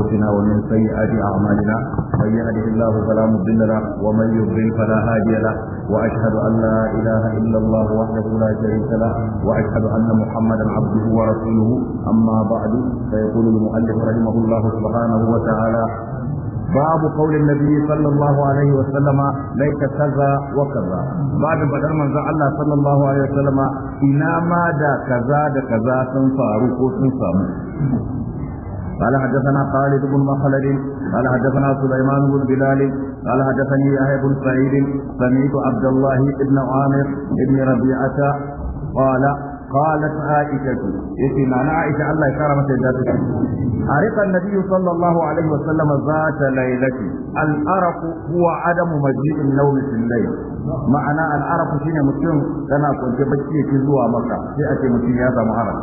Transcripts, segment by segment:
أنفسنا ومن سيئات أعمالنا من يهده الله فلا مضل له ومن يضلل فلا هادي له وأشهد أن لا إله إلا الله وحده لا شريك له وأشهد أن محمدا عبده ورسوله أما بعد فيقول المؤلف رحمه الله سبحانه وتعالى باب قول النبي صلى الله عليه وسلم ليس كذا وكذا بعد بدر من الله صلى الله عليه وسلم إنا ما دا كذا دا كذا سنفارو كو سنفارو قال حدثنا خالد بن مخلد قال حدثنا سليمان بن بلال قال حدثني يحيى بن سعيد سمعت عبد الله بن عامر بن ربيعة قال قالت عائشة يتي معنى عائشة الله كرمت ذاتك عرق النبي صلى الله عليه وسلم ذات ليلة الأرق هو عدم مجيء النوم في الليل ma'ana al'arafu shine mutum kana kwance bacci yake zuwa maka sai ake mutum ya samu haram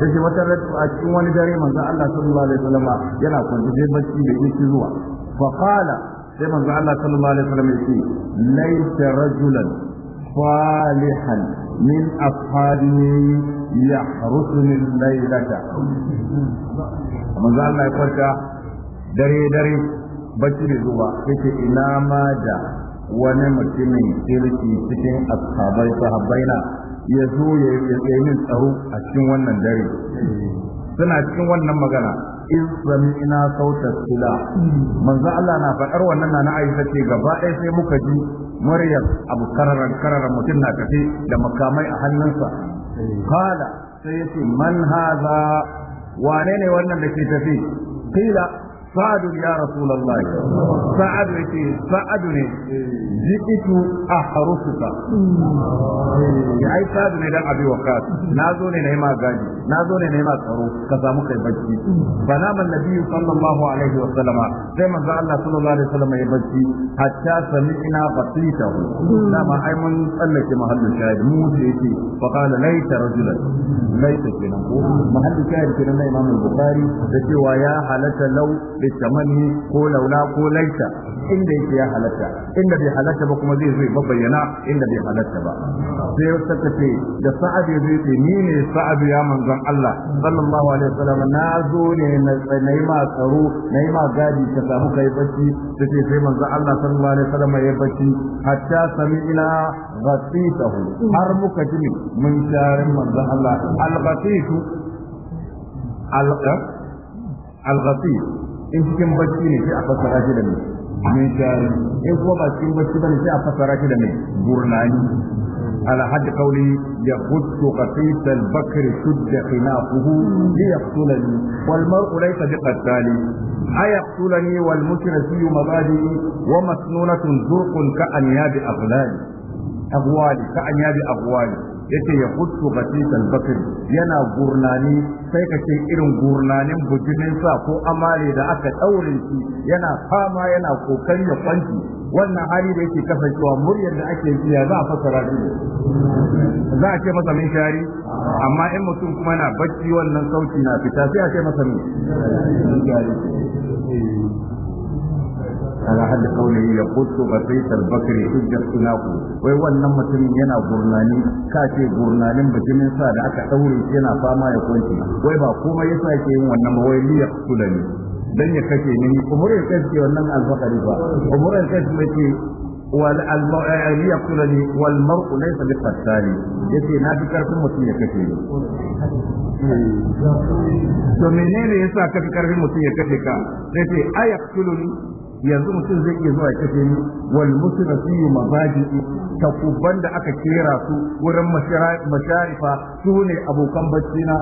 sai wata a cikin wani dare manzo Allah sallallahu alaihi wasallam yana kwance sai bacci da yake zuwa fa qala sai manzo Allah sallallahu alaihi wasallam yake laysa rajulan salihan min ashabi yahrusuni laylata manzo Allah ya kwanta dare dare bacci da zuwa yake ina ma da wani mutumin kirki cikin ashabai sahabbai na ya zo ya yi min tsaro a cikin wannan dare suna cikin wannan magana in sami'na sautar sila manzo Allah na faɗar wannan na Aisha ce gaba ɗaya sai muka ji muryar abu kararan kararan mutum na tafi da makamai a hannunsa kala sai yace man haza wane ne wannan da ke tafi qila sa'ad ya rasulullah sa'ad yace sa'ad ne jiitu ahrusuka ya ai sa'ad ne dan abi waqas nazo ne na yi ma gaji nazo ne nayi ma tsaro ka samu kai bacci fanama annabi sallallahu alaihi wasallama sai manzo Allah sallallahu alaihi wasallama ya bacci hatta sami'na qatitahu dama ai mun tsallake mahallin shahid mu yake fa qala laita rajulan laita kenan ko mahallin shahid kenan na imam al-bukhari da cewa ya halatta lau ce ko launa ko laita inda yake ya halatta inda bai halatta ba kuma zai zai bayyana inda bai halatta ba sai wata ta ce da sa'ad ya zai ce ni ne sa'ad ya manzon Allah sallallahu alaihi wasallam na zo ne na nayi ma tsaro nayi ma gadi ka samu kai bacci tace sai manzon Allah sallallahu alaihi wasallam ya bacci hatta sami ila ghasitahu har muka ji mun sharin manzon Allah al-ghasitu eh? al-ghasit in cikin bacci ne sai a fassara shi da mai minshari in kuma ba cikin bacci bane sai a fassara shi da mai gurnani على حد قوله يخد قطيف البكر شد خناقه ليقتلني والمرء ليس بقتالي أيقتلني والمشرفي مبادئي ومسنونة زرق كأنياب أغلالي أغوالي كأنياب أغوالي Yake ya kutsu batis al yana gurnani sai ka ce irin gurnanin bujimin sa ko amare da aka daure shi yana fama yana kokari ya kwanci wannan hali da yake kasancewa muryar da ake jiya za a fasara shi za a ce masa min shari amma in mutum kuma na bacci wannan sauki na fita sai a ce masa min shari ala hadd qawlihi yaquttu basayt al-bakri hujjat sunaku wai wannan mutumin yana gurnani ka ce gurnanin bijimin sa da aka daure shi yana fama ya kwanci wai ba komai yasa yake yin wannan ba wai liya kulani dan ya kace ni umurin kai ce wannan al ba umurin kai ce والمرء يقتلني والمرء ليس بقتال yace na fi karfin mutum ya kashe ni hmm. to menene yasa ya ka ce yanzu mutum zai iya zuwa ya kashe ni wal musrafiyu ta takubban da aka kera su wurin masharifa su ne abokan na.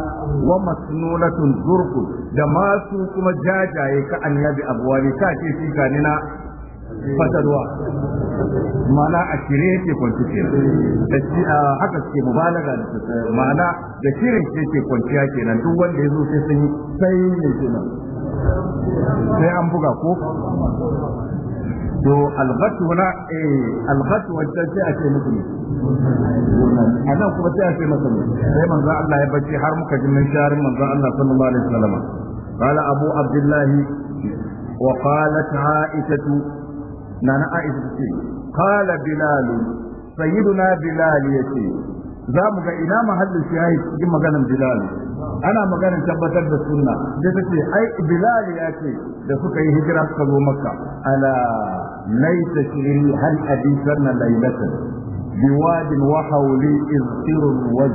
wa masnulatun zurku da masu kuma jajaye ka annabi abuwani ka ce shi gani na fatarwa ma'ana a shirye yake kwanci da shi a haka suke mubalaga da ma'ana da shirin ke kwanci ke nan duk wanda ya zo sai sun yi sai ne kenan sai an buga ko to alghatu na eh alghatu sai a ce muku a nan kuma sai a ce masa sai manzo Allah ya bace har muka ji mun sharin manzo Allah sallallahu alaihi wasallam qala abu abdullah wa qalat Aishatu nana عائشة qala bilal sayyiduna bilal يتي za mu ga ina mahallin yayi cikin maganar bilal ana maganar tabbatar da sunna da take ai bilal ya ce da suka yi hijira suka zo makka ala laita shiri hal adisarna na lailatan biwadin wa hawli izkirun wa al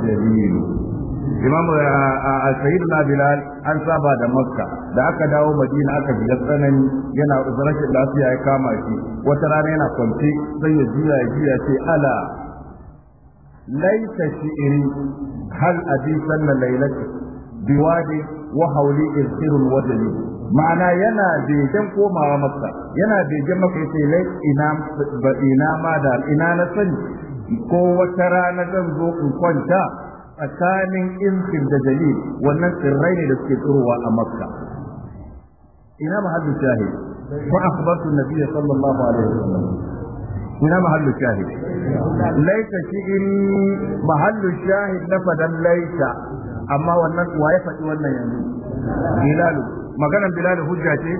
imam eh, eh, sayyidina bilal an saba da makka da aka dawo madina aka ji tsanani yana rashin lafiya ya kama shi wata rana yana kwanci sai ya jiya ya ce ala laisa shi'iri hal abi sanna lailati biwadi wa hauli irhirul wajhi ma'ana yana begen komawa maka yana begen maka yace lai ba ina ma da ina na sani ko wata rana zan zo in kwanta tsakanin insir da jalil wannan tsirrai ne da suke tsirowa a makka ina mahallin shahid fa akhbartu an-nabiy sallallahu alaihi wasallam ina mahallu shahid laita in mahallu shahid na fadan laita amma wannan wa ya faɗi wannan yanzu bilalu maganan bilalu hujja ce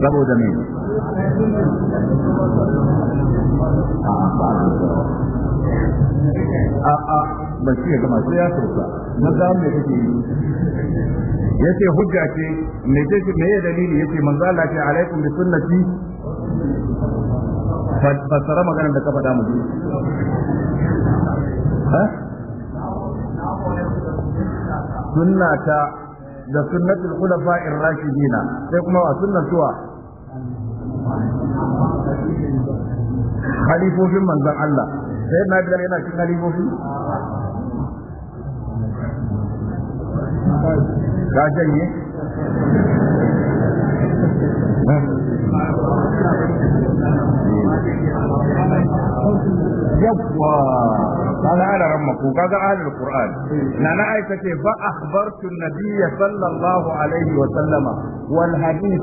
saboda me a'a ba shi ya gama sai ya sauka na za mu kake yi yace hujja ce me ce me ya dalili yace manzo Allah ce alaikum bi sunnati fasara maganar da ka fada mu ha sunnata da sunnatul khulafa'ir rashidina sai kuma wa sunnatuwa halifofin manzan Allah sai na bilal yana cikin halifofi ka janye yawwa قال انا رمك وقال اهل القران نانا عائشه فاخبرت النبي صلى الله عليه وسلم والحديث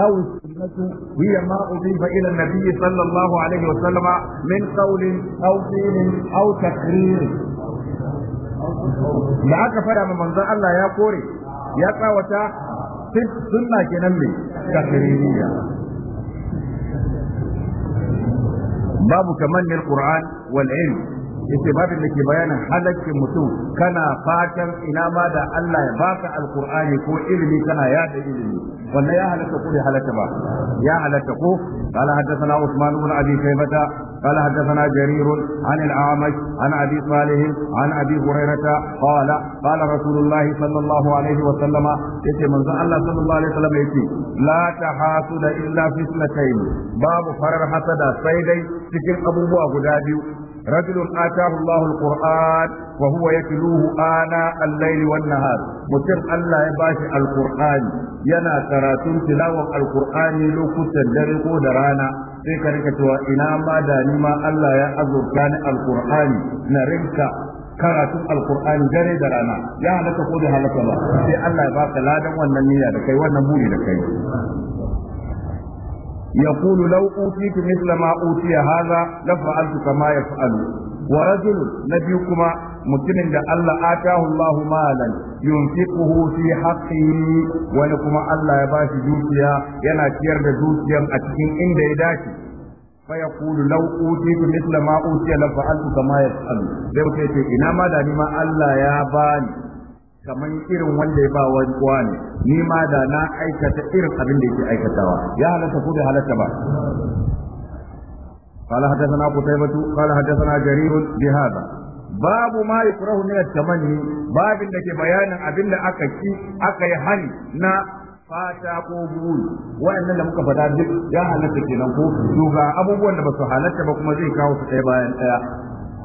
او السنه هي ما اضيف الى النبي صلى الله عليه وسلم من قول او فعل او تقرير da aka fada ma manzon Allah ya kore ya tsawata sunna kenan ne takririyya babu kamannin Qur'an wal ilm yace babin da ke bayanin halaccin mutum kana fatan ina ma da Allah ya baka Alkur'ani ko ilimi kana ya da ilimi wanda ya halatta ko ya halatta ba ya halatta ko qala hadathana usman ibn abi shaybata قال حدثنا جرير عن الاعمش عن ابي صالح عن ابي هريره قال قال رسول الله صلى الله عليه وسلم يتي من الله صلى الله عليه وسلم يتي لا تحاسد الا في اثنتين باب فرر حسد سيدي تكن ابو بوا غدا رجل آتاه الله القرآن وهو يتلوه آناء الليل والنهار متر الله يباشي القرآن ينا تراتون تلاوة القرآن لو كنت درقو درانا sai ka rika cewa ina ma da ma Allah ya azurta ni alqur'ani na karatun alqur'ani dare da rana ya halaka ko da halaka ba sai Allah ya baka ladan wannan niyya da kai wannan buri da kai يقول لو أوتيت مثل ما أوتي هذا لفعلت كما يفعل ورجل نبيكما mutumin da Allah atahu Allahu malan yunfiquhu fi haqqi wani kuma Allah ya bashi dukiya yana ciyar da dukiyan a cikin inda ya dace fa yaqulu law utitu mithla ma utiya la fa'altu kama yaf'alu ina ma ma Allah ya bani kamar irin wanda ya ba wa ne ni ma da na aikata irin abin da yake aikatawa ya halatta ko bai halatta ba قال حدثنا قتيبة قال حدثنا جرير بهذا babu ma yukrahu min at-tamanni babin da ke bayanin abin da aka ki aka yi hani na fata ko buru wa'annan da muka fada duk ya halatta kenan ko to abubuwan da ba su halatta ba kuma zai kawo su ɗaya bayan ɗaya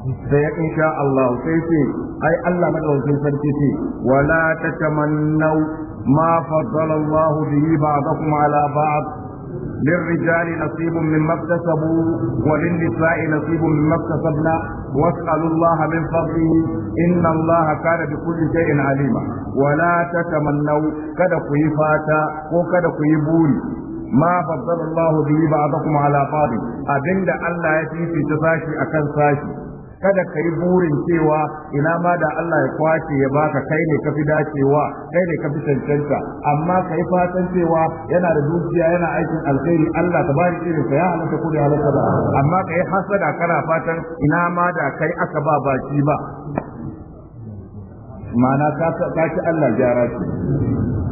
sai in sha Allah sai ce ai Allah madaukakin sarki ce wala tatamannu ma faddala Allah bihi ba'dakum ala ba'd للرجال نصيب مما اكتسبوا وللنساء نصيب مما اكتسبنا واسألوا الله من فضله إن الله كان بكل شيء عليما ولا تتمنوا كذا كيفاتا وكذا كيبوني ما فضل الله به بعضكم على بعض أبند الله يتيسي تساشي أكن ساشي kada ka yi burin cewa ina ma da Allah ya kwace ya baka kai ne ka fi dacewa kai ne ka fi cancanta amma ka yi fatan cewa yana da dukiya yana aikin alkhairi Allah ta bari irin ka ya halatta kudi da halatta ba amma ka yi hasada kana fatan ina ma da kai aka ba baki ba ma'ana ka ci Allah gyara ce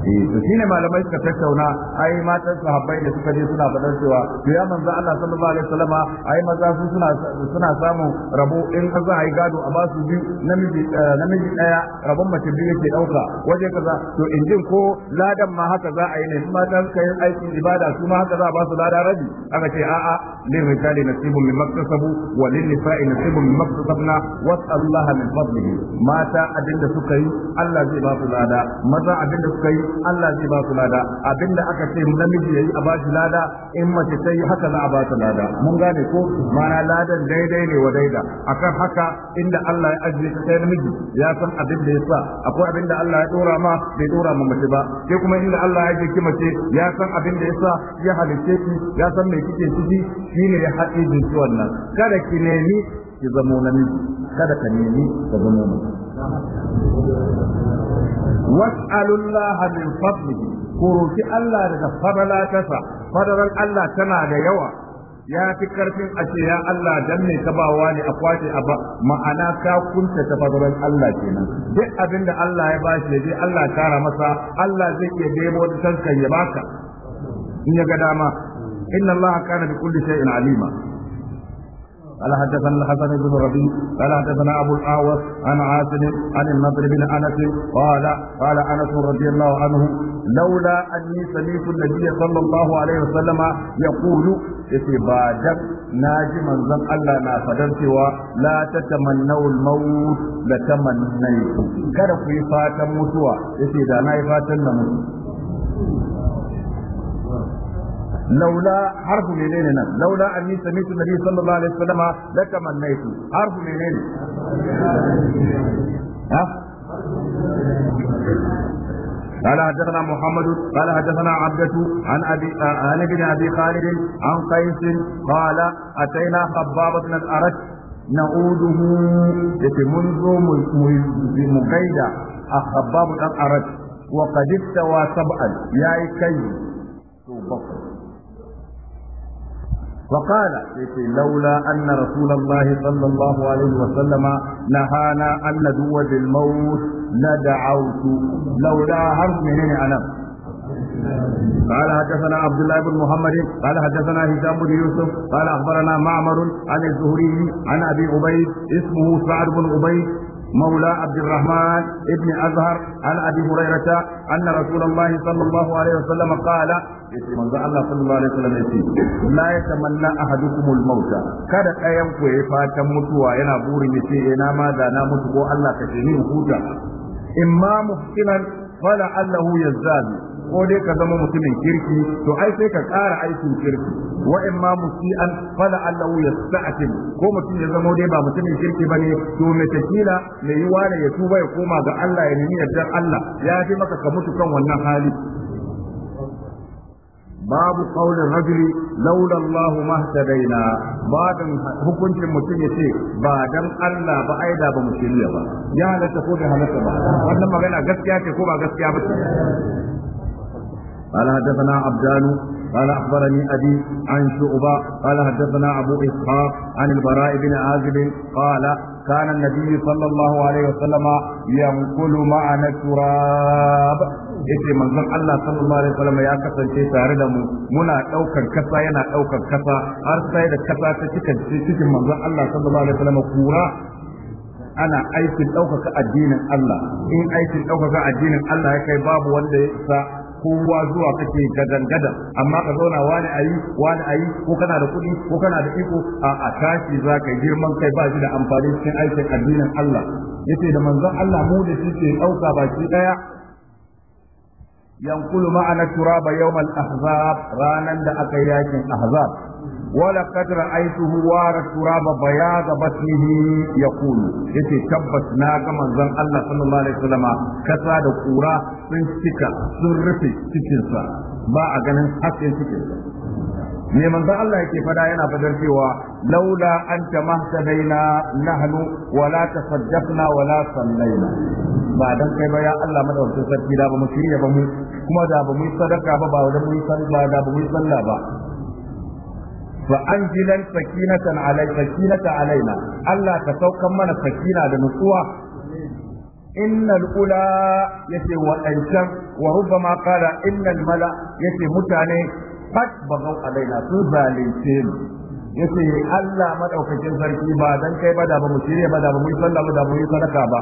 eh, to shine malamai suka tattauna ai matan sahabbai da suka je suna faɗar cewa to ya manzo Allah sallallahu alaihi wasallama ai maza su suna suna samu rabo in za a yi gado a basu biyu namiji eh, namiji daya rabon mace biyu yake dauka waje kaza to in jin ko ladan ma haka za a yi ne in mata ka yi aiki ibada su ma haka za a ba su lada rabi aka ce a'a lil rijali nasibun mimma kasabu wa lin nisa'i nasibun mimma kasabna was'alullaha min fadlihi mata abinda suka suka yi Allah zai ba su lada maza abin da kuka yi Allah zai ba su lada abin da aka ce namiji yayi a bashi lada in mace ta yi haka za a ba ta lada mun gane ko mana ladan daidai ne wa daida akan haka inda Allah ya ajiye ta sai namiji ya san abin da ya sa akwai abin da Allah ya dora ma bai dora ma mace ba ke kuma inda Allah ya ajiye ki mace ya san abin da ya sa ya halice ki ya san me kike ciki shine ya haɗe jinki wannan kada ki nemi ki zamo namiji kada ka nemi ka zamo namiji was'alullaha min fadlihi ku Allah daga fadala tasa fadalan Allah tana da yawa ya fi karfin a ce ya Allah dan me ka bawa ne a kwace a ba ma'ana ka kunta ta fadalan Allah kenan duk abin da Allah ya bashi ya je Allah tara masa Allah zai iya debo da tankan ya baka in ya ga dama inna Allah kana bi kulli shay'in alima قال حدثنا الحسن بن ربيع قال حدثنا ابو الاعور عن عاصم عن النضر بن انس قال قال انس رضي الله عنه لولا اني سمعت النبي صلى الله عليه وسلم يقول اتبادك ناجي من زن الله نا فدر لا تتمنوا الموت لتمنيت kada ku yi fatan mutuwa yace da na yi fatan na mutu لولا حرف منين نعم لولا اني سمعت النبي صلى الله عليه وسلم لتمنيت حرف منين ها قال حدثنا محمد قال حدثنا عبدة عن ابي عن ابن ابي خالد عن قيس قال اتينا خباب بن الارت نعوده منذ مقيدة الخباب بن الارت وقد استوى سبعا يا كي بصر وقال لولا أن رسول الله صلى الله عليه وسلم نهانا أن ندعو بالموت لدعوت لولا هم منين أنا قال حدثنا عبد الله بن محمد قال حدثنا هشام بن يوسف قال اخبرنا معمر عن الزهري عن ابي عبيد اسمه سعد بن عبيد مولى عبد الرحمن ابن أزهر عن أبي هريرة أن رسول الله صلى الله عليه وسلم قال من الله صلى الله عليه وسلم لا يتمنى أحدكم الموت kada ɗayan ku ya fatan mutuwa yana burin ya ce ina ma na mutu ko Allah ka ce huta imma muhsinan fala allahu yazzabi ko dai ka zama mutumin kirki to ai sai ka ƙara aikin kirki wa in ma musi'an fala allahu yasta'tim ko mutum ya zama dai ba mutumin kirki bane to me takila me yuwa ne ya tuba ya koma ga Allah ya nemi yardar Allah ya fi maka ka mutu kan wannan hali babu kaulin rajuli laula Allah ma hadaina dan hukuncin mutum yace ba dan Allah ba ai da ba mu shirya ba ya halatta ko da halatta ba wannan magana gaskiya ce ko ba gaskiya ba قال حدثنا عبدان قال اخبرني ابي عن شعبة قال حدثنا ابو اسحاق عن البراء بن عازب قال كان النبي صلى الله عليه وسلم ينقل معنا التراب yace manzon Allah sallallahu alaihi wasallam ya kasance tare da mu muna daukar kasa yana daukar kasa har sai da kasa ta cika cikin manzon Allah sallallahu alaihi wasallam kura ana aikin ɗaukaka addinin Allah in aikin ɗaukaka addinin Allah ya kai babu wanda ya isa kowa zuwa kake gadan gadan amma ka zauna wani ayi wani ayi ko kana da kuɗi ko kana da iko a a tashi zaka girman kai ba shi da amfani cikin aikin addinin Allah yace da manzon Allah mu da shi ke dauka baki daya yankulu ma'ana turaba yawmal ahzab ranan da aka yakin ahzab ولقد رأيته وارد تراب بياض بطنه يقول يتي تبس ناقا من ذن الله صلى الله عليه وسلم كساد قورا من سكا سرفي سكنسا باع جنن حق سكنسا me manzon Allah yake fada yana fadar cewa laula anta mahtadaina nahnu wala tasaddaqna wala sallaina ba dan kai ba ya Allah madaukakin sarki da ba mu shirya ba mu kuma da ba mu yi sadaka ba ba mu yi sallah da ba mu yi sallah ba فأنزل السكينة علي سكينة علينا ألا تسوق من السكينة لنسوة إن الأولى يتي والأنشم وربما قال إن الملأ يتي متاني قد بغوا علينا سوزالين yace Allah madaukakin sarki ba dan kai ba da ba mu shirye ba da ba mu yi sallah da mu yi sadaka ba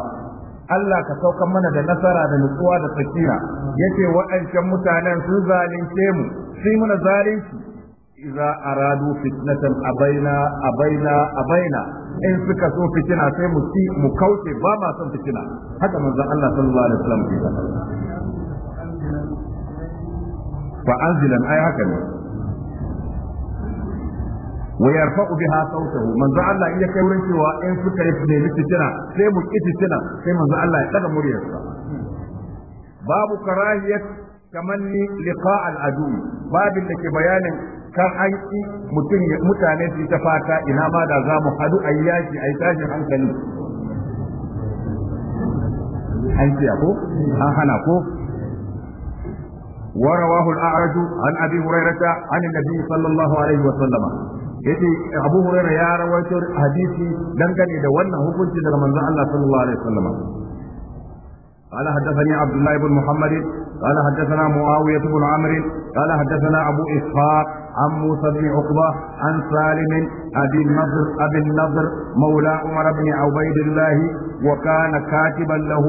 Allah ka saukan mana da nasara da nutsuwa da sakina yace waɗancan mutanen sun zalunce mu sai muna zalunci iza aradu fitnatan abaina abaina abaina in suka so fitina sai mu ci mu kauce ba ma son fitina haka manzon Allah sallallahu alaihi wasallam ke fa anzilan ay haka ne wa yarfa'u biha sautahu manzon Allah in ya kai wurin cewa in suka yi fitina sai mu ki fitina sai manzon Allah ya daga muryarsa babu karahiyat tamanni liqa al adu babin da ke bayanin kan an ki mutum mutane su ta fata ina ma da za mu hadu a yaki a tashin hankali an kiya ko an hana ko ورواه الأعرج عن أبي هريرة عن النبي sallallahu alaihi wa وسلم yace Abu Hurairah ya rawaito hadisi dangane da wannan hukunci daga manzon Allah sallallahu alaihi wasallam قال حدثني عبد الله بن محمد قال حدثنا معاوية بن عمرو قال حدثنا أبو إسحاق عن موسى بن عقبة عن سالم أبي النضر أبي النضر مولى عمر بن عبيد الله وكان كاتبا له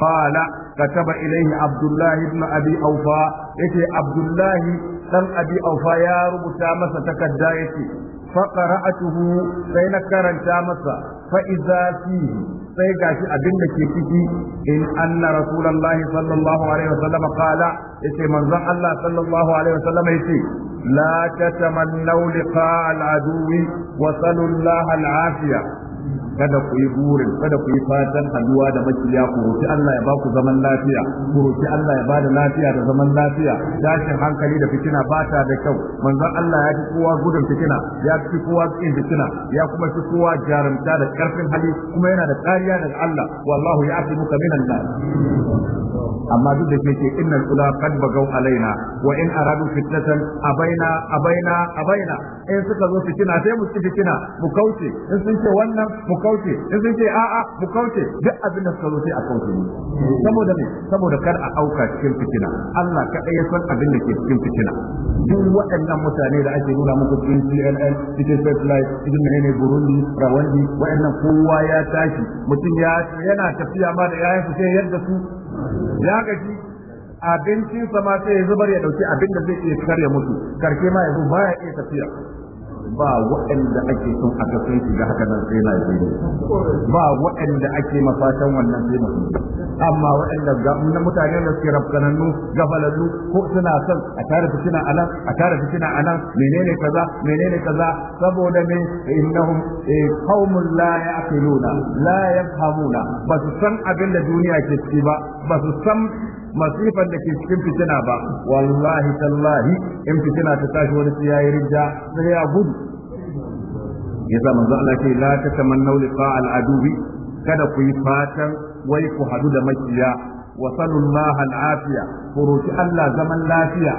قال كتب إليه عبد الله بن أبي أوفى إيه عبد الله dan abi aufa ya rubuta masa takarda yace فقرأته سين كرنتا مسا فإذا فيه sai gashi abin da ke ciki in anna rasulullah sallallahu alaihi wasallam qala yace manzon Allah sallallahu alaihi wasallam yace la tatamannu liqa al-aduwi wa sallallahu al kada ku yi burin kada ku yi fatan haduwa da makiya ku roki Allah ya ba ku zaman lafiya ku roki Allah ya ba da lafiya da zaman lafiya tashin hankali da fitina ba ta da kyau manzon Allah ya fi kowa gudun fitina ya fi kowa tsin fitina ya kuma fi kowa jarumta da karfin hali kuma yana da kariya daga Allah wallahu ya'tibuka minan nan. amma duk da ke innal ula qad bagaw alaina wa in aradu fitnatan abaina abaina abaina in suka zo fitina sai mu fitina mu kauce in sun ce wannan mu kauce in sun ce a'a mu kauce duk abin da suka zo sai a kauce ne. saboda me saboda kar a auka cikin fitina Allah kaɗai ya san abin da ke cikin fitina duk waɗannan mutane da ake nuna muku cikin CNN cikin Satellite cikin Mahene Burundi Rawandi waɗannan kowa ya tashi mutum ya yana tafiya ma da yayan su sai yadda su ya gaji abincinsa ma sai ya zubar ya dauki abin da zai iya karya mutu karke ma yanzu baya iya tafiya ba waɗanda ake son aka sun shiga haka nan sai Najeriya ba waɗanda ake mafatan wannan sai musulmi amma waɗanda na mutane da suke rafkanannu gafalallu ko suna son a tare fitina a nan a tare fitina a nan menene kaza menene kaza saboda me innahum eh, qaumun la ya'qiluna la yafhamuna ba su san abin da duniya ke ciki ba ba su san masifan da ke cikin fitina ba wallahi tallahi in fitina ta tashi wani sai yayi ridda sai ya gudu Ya sa manzo Allah ce la tatamannu liqa al aduwi kada ku yi fatan wai ku hadu da makiya wa sallallahu al afiya ku Allah zaman lafiya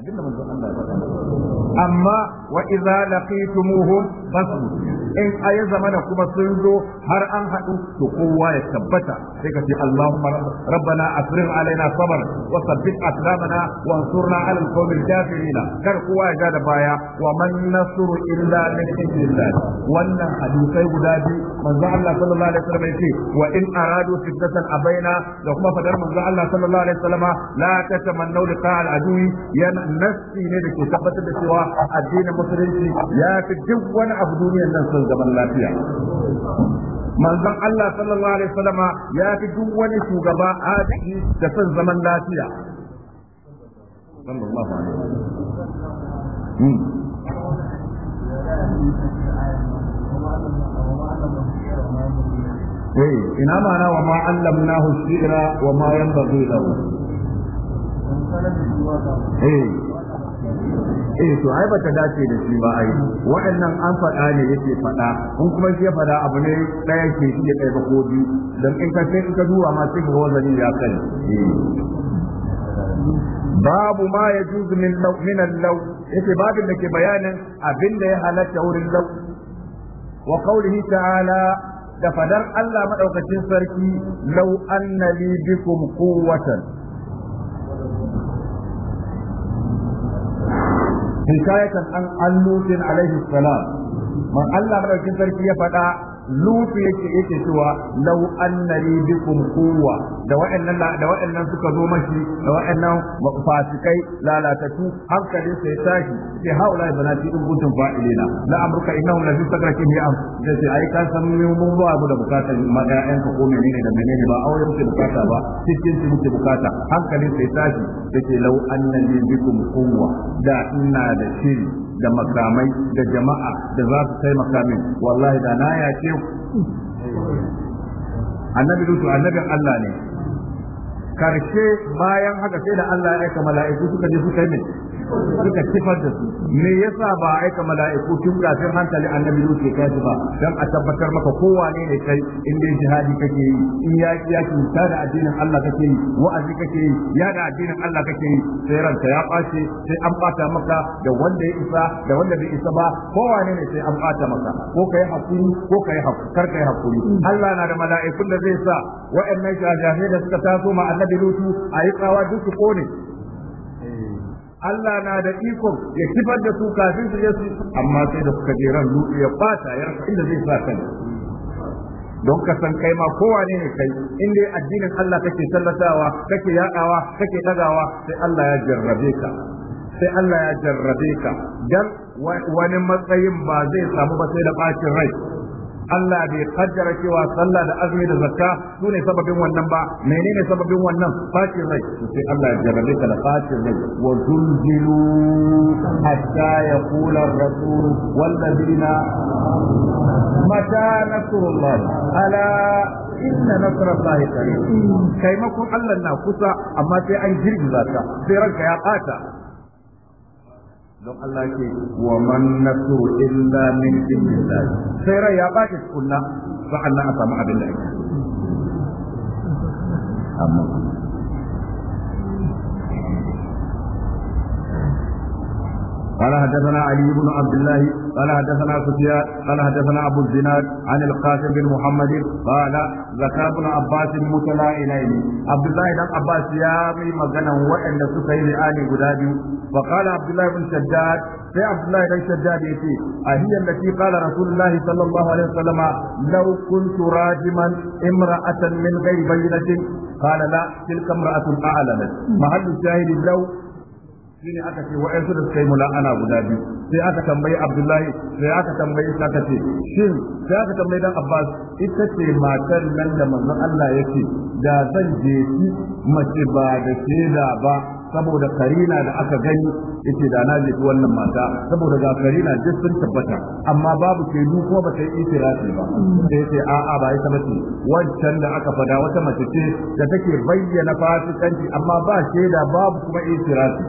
abinda manzo Allah ya faɗa amma wa idza laqitumuhum fasu in ay zamana kuma sun zo har an haɗu, to kowa ya tabbata sai ka ce Allahumma rabbana asrif alaina sabr wa sabbit aqdamana wa ansurna ala alqawmi alkafirin kar kowa ya da baya wa man nasru illa min indillah wannan hadisai guda biyu manzo Allah sallallahu alaihi wasallam yace wa in aradu fitnatan abaina da kuma fadar manzo Allah sallallahu alaihi wasallam la tatamannu liqa al yana nafsi ne da ke tabbatar da cewa karantarwa addinin musulunci ya fi duk wani abu duniyar nan sun zaman lafiya manzon Allah sallallahu alaihi wasallama ya fi duk wani shugaba adali da son zaman lafiya sallallahu alaihi hmm. eh ina mana wa ma'allam na shi'ra wa ma yanbaghi lahu eh eh to ai bata dace da shi ba ai wa'annan an faɗa ne yake faɗa kun kuma shi ya faɗa abu ne ɗaya ke shi ya ɗaya ba ko biyu dan in ka sai ka duba ma sai ka ya kai eh. babu ma ya juzu min law min law yake babin da ke bayanin abin da ya halatta wurin law wa qawlihi ta'ala da fadar Allah madaukakin sarki law anna li bikum quwwatan hikayatan an an lutin alaihi salam man Allah madaukin sarki ya faɗa lutu yake yake cewa law anna li da wa'annan da wa'annan suka zo mashi da wa'annan fasikai lalatatu hankalin sai tashi sai haula banati in kuntum fa'ilina la amruka innahum la fi sakratin ya'am a sai ai ka san mun ba mu da bukatar magayanka ko menene da menene ba aure muke bukata ba cikin su muke bukata hankalin sai tashi yace lau annani bikum quwwa da ina da shiri da makamai da jama'a da za su kai min wallahi da na yace annabi lutu annabin Allah ne karshe bayan haka sai da Allah ya aika mala'iku suka je suka yi suka kifar da su me yasa ba a aika mala'iku tun kafin hankali annabi Lut ya kai ba dan a tabbatar maka kowa ne ne kai in dai jihadi kake yi in yaki yaki ta da addinin Allah kake yi wa'azi kake yi ya da addinin Allah kake yi sai ranka ya bace sai an ɓata maka da wanda ya isa da wanda bai isa ba kowa ne ne sai an ɓata maka ko kai hakuri ko kai hakuri kar kai hakuri Allah na da mala'ikun da zai sa wa'annan shahadai da suka taso ma annabi Lut a yi tsawa duk su kone Allah na da ikon ya kifar da su kafin su je su amma sai da kuka jeran lutu ya fata ya rasa inda zai sa kanka don ka san kai ma kowane ne kai in dai addinin Allah kake sallatawa kake yaɗawa kake tagawa, sai Allah ya jarrabe ka sai Allah ya jarrabe ka dan wani matsayin ba zai samu ba sai da bacin rai Allah bai kaddara cewa sallah da azumi da zakka su ne sababin wannan ba menene sababin wannan fashin rai sai Allah ya jarrabe ka da fashin rai wa zulzilu hatta yaqula ar-rasul wal ladina mata nasrullah ala inna nasrallahi qarib kai makon Allah na kusa amma sai an girgiza ka sai ranka ya bata don Allah ke wa man nasru illa min indillah sai rai ya bace kunna sa'annan a samu abin da ake amma قال حدثنا علي بن عبد الله قال حدثنا سفيان قال حدثنا ابو الزناد عن القاسم بن محمد قال زكاة بن عباس متلا عبد الله بن عباس يا ابي مغنى وان سفيان ال غدادي وقال عبد الله بن شداد في عبد الله بن شداد يتي إيه اهي التي قال رسول الله صلى الله عليه وسلم لو كنت راجما امرأة من غير بينة قال لا تلك امرأة اعلنت محل الشاهد لو shine aka ce su da suka yi mula'ana guda biyu sai aka tambayi abdullahi sai aka tambayi aka ce shin sai aka tambayi dan abbas ita ce matar nan da manzon Allah ya yake da zan je ki mace ba da shaida ba saboda karina da aka gani yace da na ji wannan mata saboda ga karina duk sun tabbata amma babu ke du kuma ba ta yi itirafi ba sai yace a a ba ita bace wancan da aka fada wata mace ce da take bayyana fasikanci amma ba shaida babu kuma itirafi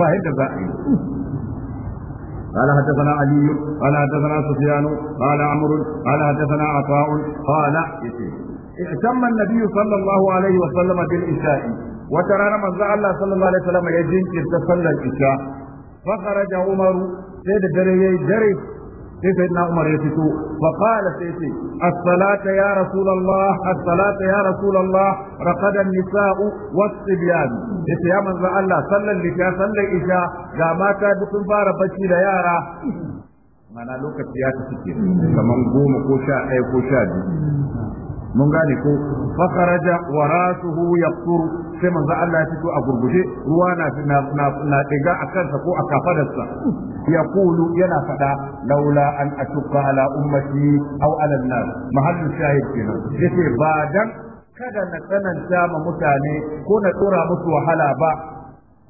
ba yadda za a yi قال حدثنا علي قال حدثنا سفيان قال عمرو قال حدثنا عطاء قال اعتم النبي صلى الله عليه وسلم بالإساء wata rana manzo Allah sallallahu alaihi wasallam ya jinkirta sallar isha fa kharaja umaru sai da dare yayi dare sai sayyidina umar ya fito fa qala sai ce as-salata ya rasulullah as-salata ya rasulullah raqada an-nisa'u was-sibyan ya manzo Allah sallar isha sallar isha ga mata duk sun fara bacci da yara mana lokaci ya tafi kaman goma ko sha ɗaya ko sha biyu mun gane ko fa kharaja wa rasuhu yaqtur sai manzo Allah ya fito a gurguje ruwa na na na diga a kansa ko a kafadarsa yaqulu yana fada laula an ashqa ala ummati aw ala an-nas mahallu shahid kenan yace ba dan kada na tsananta ma mutane ko na tsora musu wahala ba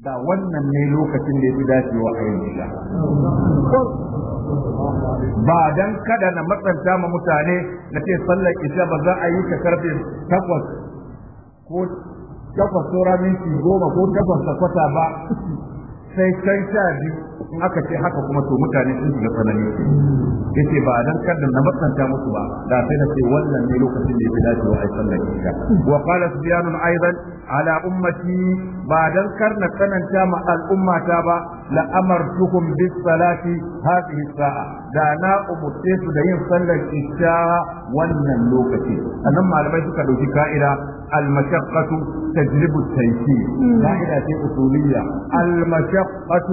da wannan ne lokacin da ya fi dacewa a yanzu ba dan kada na matsanta ma mutane na ce sallar isha ba za a yi ta karfe takwas ko takwas saura minti goma ko takwas da ba sai can sha biyu aka ce haka kuma to mutane sun shiga tsanani yace ba dan kaddan na matsanta musu ba da sai da ce wannan ne lokacin da yake dacewa a sallar isha wa qala sufyan aidan ala ummati ba dan karna tsananta ma al'ummata ba la amartukum bis salati hadhihi sa'a da na umurce su da yin sallar isha wannan lokaci anan malamai suka dauki ka'ida المشقة تجلب التيسير قاعدة al المشقة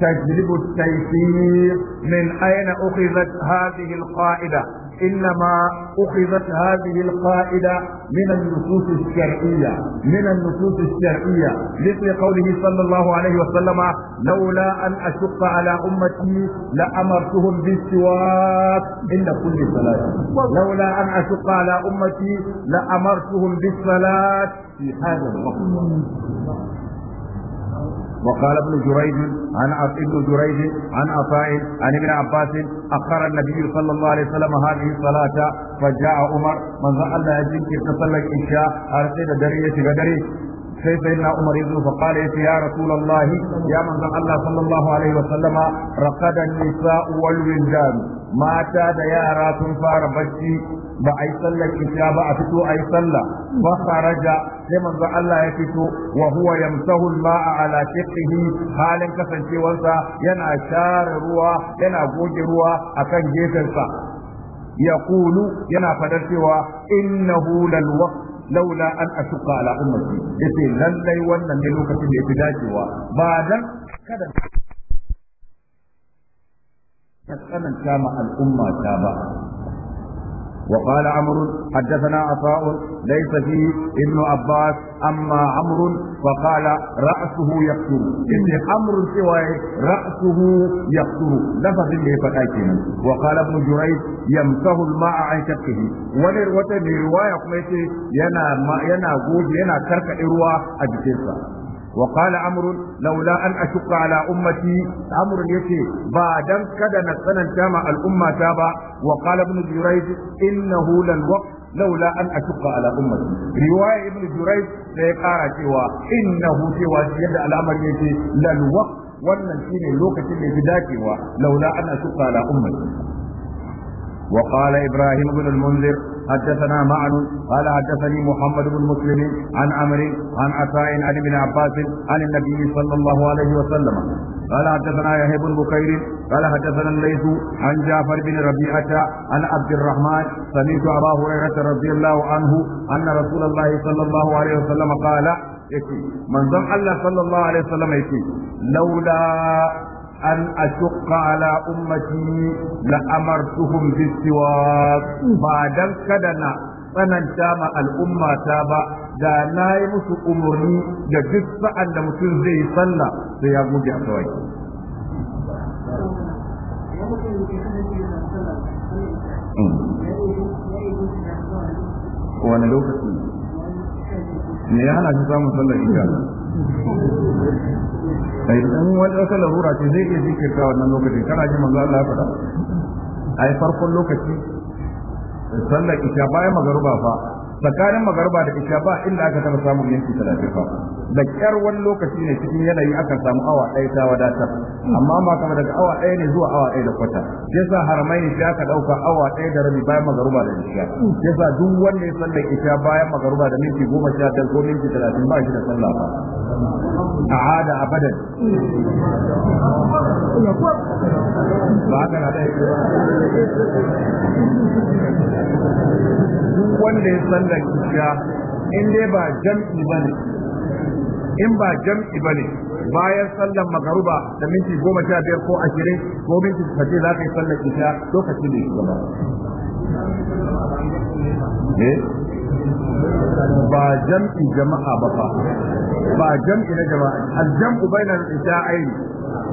تجلب التيسير من أين أخذت هذه القاعدة إنما أخذت هذه القاعدة من النصوص الشرعية من النصوص الشرعية مثل قوله صلى الله عليه وسلم لولا أن أشق على أمتي لأمرتهم بالسواك عند كل صلاة لولا أن أشق على أمتي لأمرتهم بالصلاة في هذا الوقت وقال ابن جريج عن ابن جريج عن عطاء عن ابن عباس أخر النبي صلى الله عليه وسلم هذه الصلاة فجاء عمر من ذا الله يجب تصلى العشاء أرسل درية بدري sai sai na umar yazo fa qala yace ya rasulullah ya manzon Allah sallallahu alaihi wa sallama raqada nisa'u wal wildan mata da yara sun fara bacci ba a yi sallar isha ba a fito a yi sallah fa kharaja sai manzo Allah ya fito wa huwa yamsahu al-ma'a ala shiqqihi halin kasancewarsa yana share ruwa yana goge ruwa akan gefensa yaqulu yana fadar cewa innahu lal waqt laula an ashqa ala ummati yace lallai wannan ne lokacin da yafi dacewa ba dan kada tsananta ma al'umma ta ba وقال عمرو حدثنا عطاء ليس فيه ابن عباس اما عمرو فقال راسه يقتل ان عمرو سوى راسه يقتل لفظ اللي فتاكين وقال ابن جريج يمسه الماء عن شقه ولروة رواية ينا ما ينا جوج ينا كركع روا اجتسا وقال عمرو لولا أن أشق على أمتي عمرو يتي بعدم كذا نسنا جامع الأمة تابا وقال ابن جريج إنه للوقت لولا أن أشق على أمتي رواية ابن جريج سيقارا سوى إنه سوى سيد الأمر يتي للوقت wannan shine lokacin da ya fi dacewa laula ana shuka ala ummati وقال إبراهيم بن المنذر حدثنا معن قال حدثني محمد بن مسلم عن عمر عن عطاء عن ابن عباس عن النبي صلى الله عليه وسلم قال حدثنا يحيى بن بكير قال حدثنا الليث عن جعفر بن ربيعة عن عبد الرحمن سمعت أبا هريرة رضي الله عنه أن رسول الله صلى الله عليه وسلم قال yake manzon Allah sallallahu alaihi wasallam yake laula أن أشق على أمتي لأمرتهم بالسواك بعد الكدنة tsananta ma al'ummata ba da na yi musu umarni da duk sa'an da mutum zai sallah sai ya goge a kawai. Wani lokaci ne ya hana shi samun sallar ita? sai in wani wata lahura ce zai iya zikirta wannan lokacin kana ji manzo Allah ya faɗa ai farkon lokaci sallar isha bayan magaruba fa tsakanin magarba da isha ba inda aka taba samun minti talatin ba da kyar wani lokaci ne cikin yanayi aka samu awa ɗaya ta wadatar amma ba kama daga awa ɗaya ne zuwa awa ɗaya da kwata yasa haramai ne aka ɗauka awa ɗaya da rabi bayan magarba da isha yasa duk wanda ya sallar isha bayan magarba da minti goma sha biyar ko minti talatin ba shi da sallah ba أعاد أبدا بعد duk wanda ya sallar isha in dai ba jam'i ba ne, in ba jam'i ba ne, bayan sallar magaruba da minti goma sha biyar ko ashirin ko minti kaje za ka yi sallar isha lokacin da gaba eh? ba jam'i jama'a ba fa ba jam'i na jama'a bai nan bainal isha'ain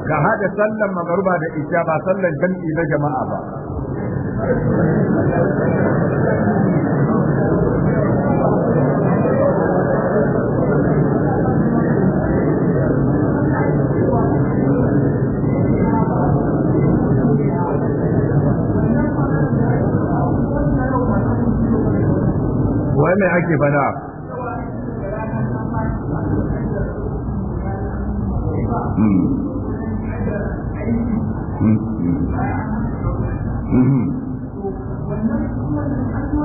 ka hada sallar magaruba da isha ba sallar jam'i na jama'a ba wai mai ake fada hmm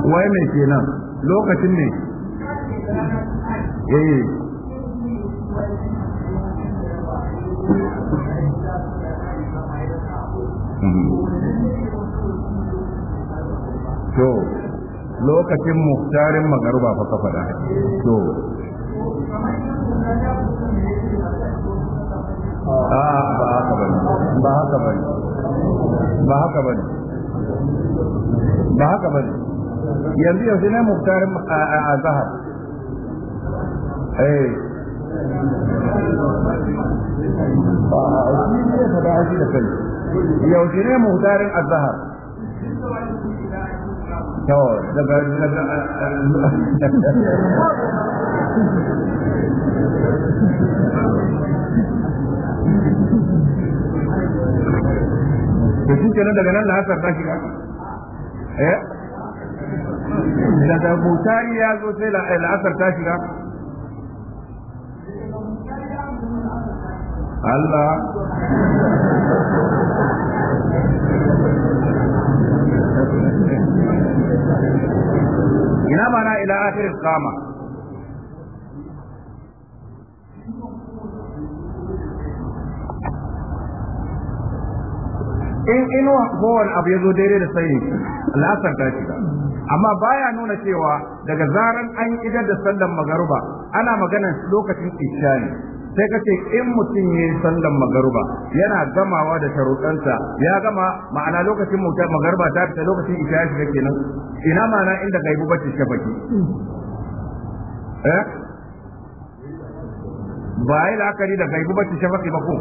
wai mai kenan lokacin ne eh to lokacin muhtarin magaruba fa kafa da to a ah, ba haka bane ba haka bane ba haka bane ba haka bane yanzu yanzu ne muktarin a zahar eh yaushe ne muhtarin azhar to daga to shi kenan daga nan lahasar ta shiga eh daga butari ya zo sai la'asar ta shiga Allah ina mana ila akirin kama in inuwa kowane abu ya zo daidai da sayin la'asar ta shiga amma baya nuna cewa daga zaran an idar da sallan magaruba ana maganar lokacin isha ne sai ka ce in mutum ya yi sallan magaruba yana gamawa da sharuɗansa ya gama ma'ana lokacin mutum magaruba ta fita lokacin isha ya shiga kenan ina ma'ana inda gaibu bacci baki eh ba yi la'akari da gaibu bacci baki ba ko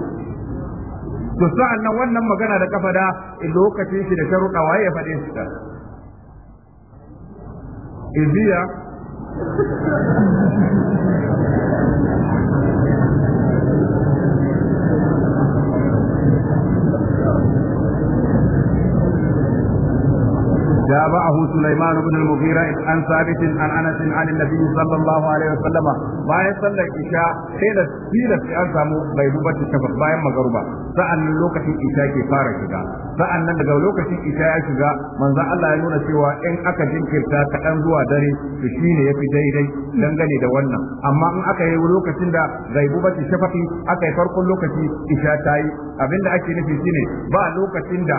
to sa'an nan wannan magana da kafa da lokacin shi da sharuɗa waye ya faɗe shi iziya جابعه سليمان بن المغيرة عن ثابت عن أنس عن النبي صلى الله عليه وسلم ما يصل لك إشاء حين سيلة في أنسامو غيبوبة الشفق باين مغربة سأل لوكة العشاء إشاء كفارك sa'an nan daga lokacin isa ya shiga manzon Allah ya nuna cewa in aka jinkirta kaɗan zuwa dare to ya fi daidai dangane da wannan amma in aka yi lokacin da gaibu bati shafaqi aka yi farkon lokaci isha ta yi abin da ake nufi ne, ba lokacin da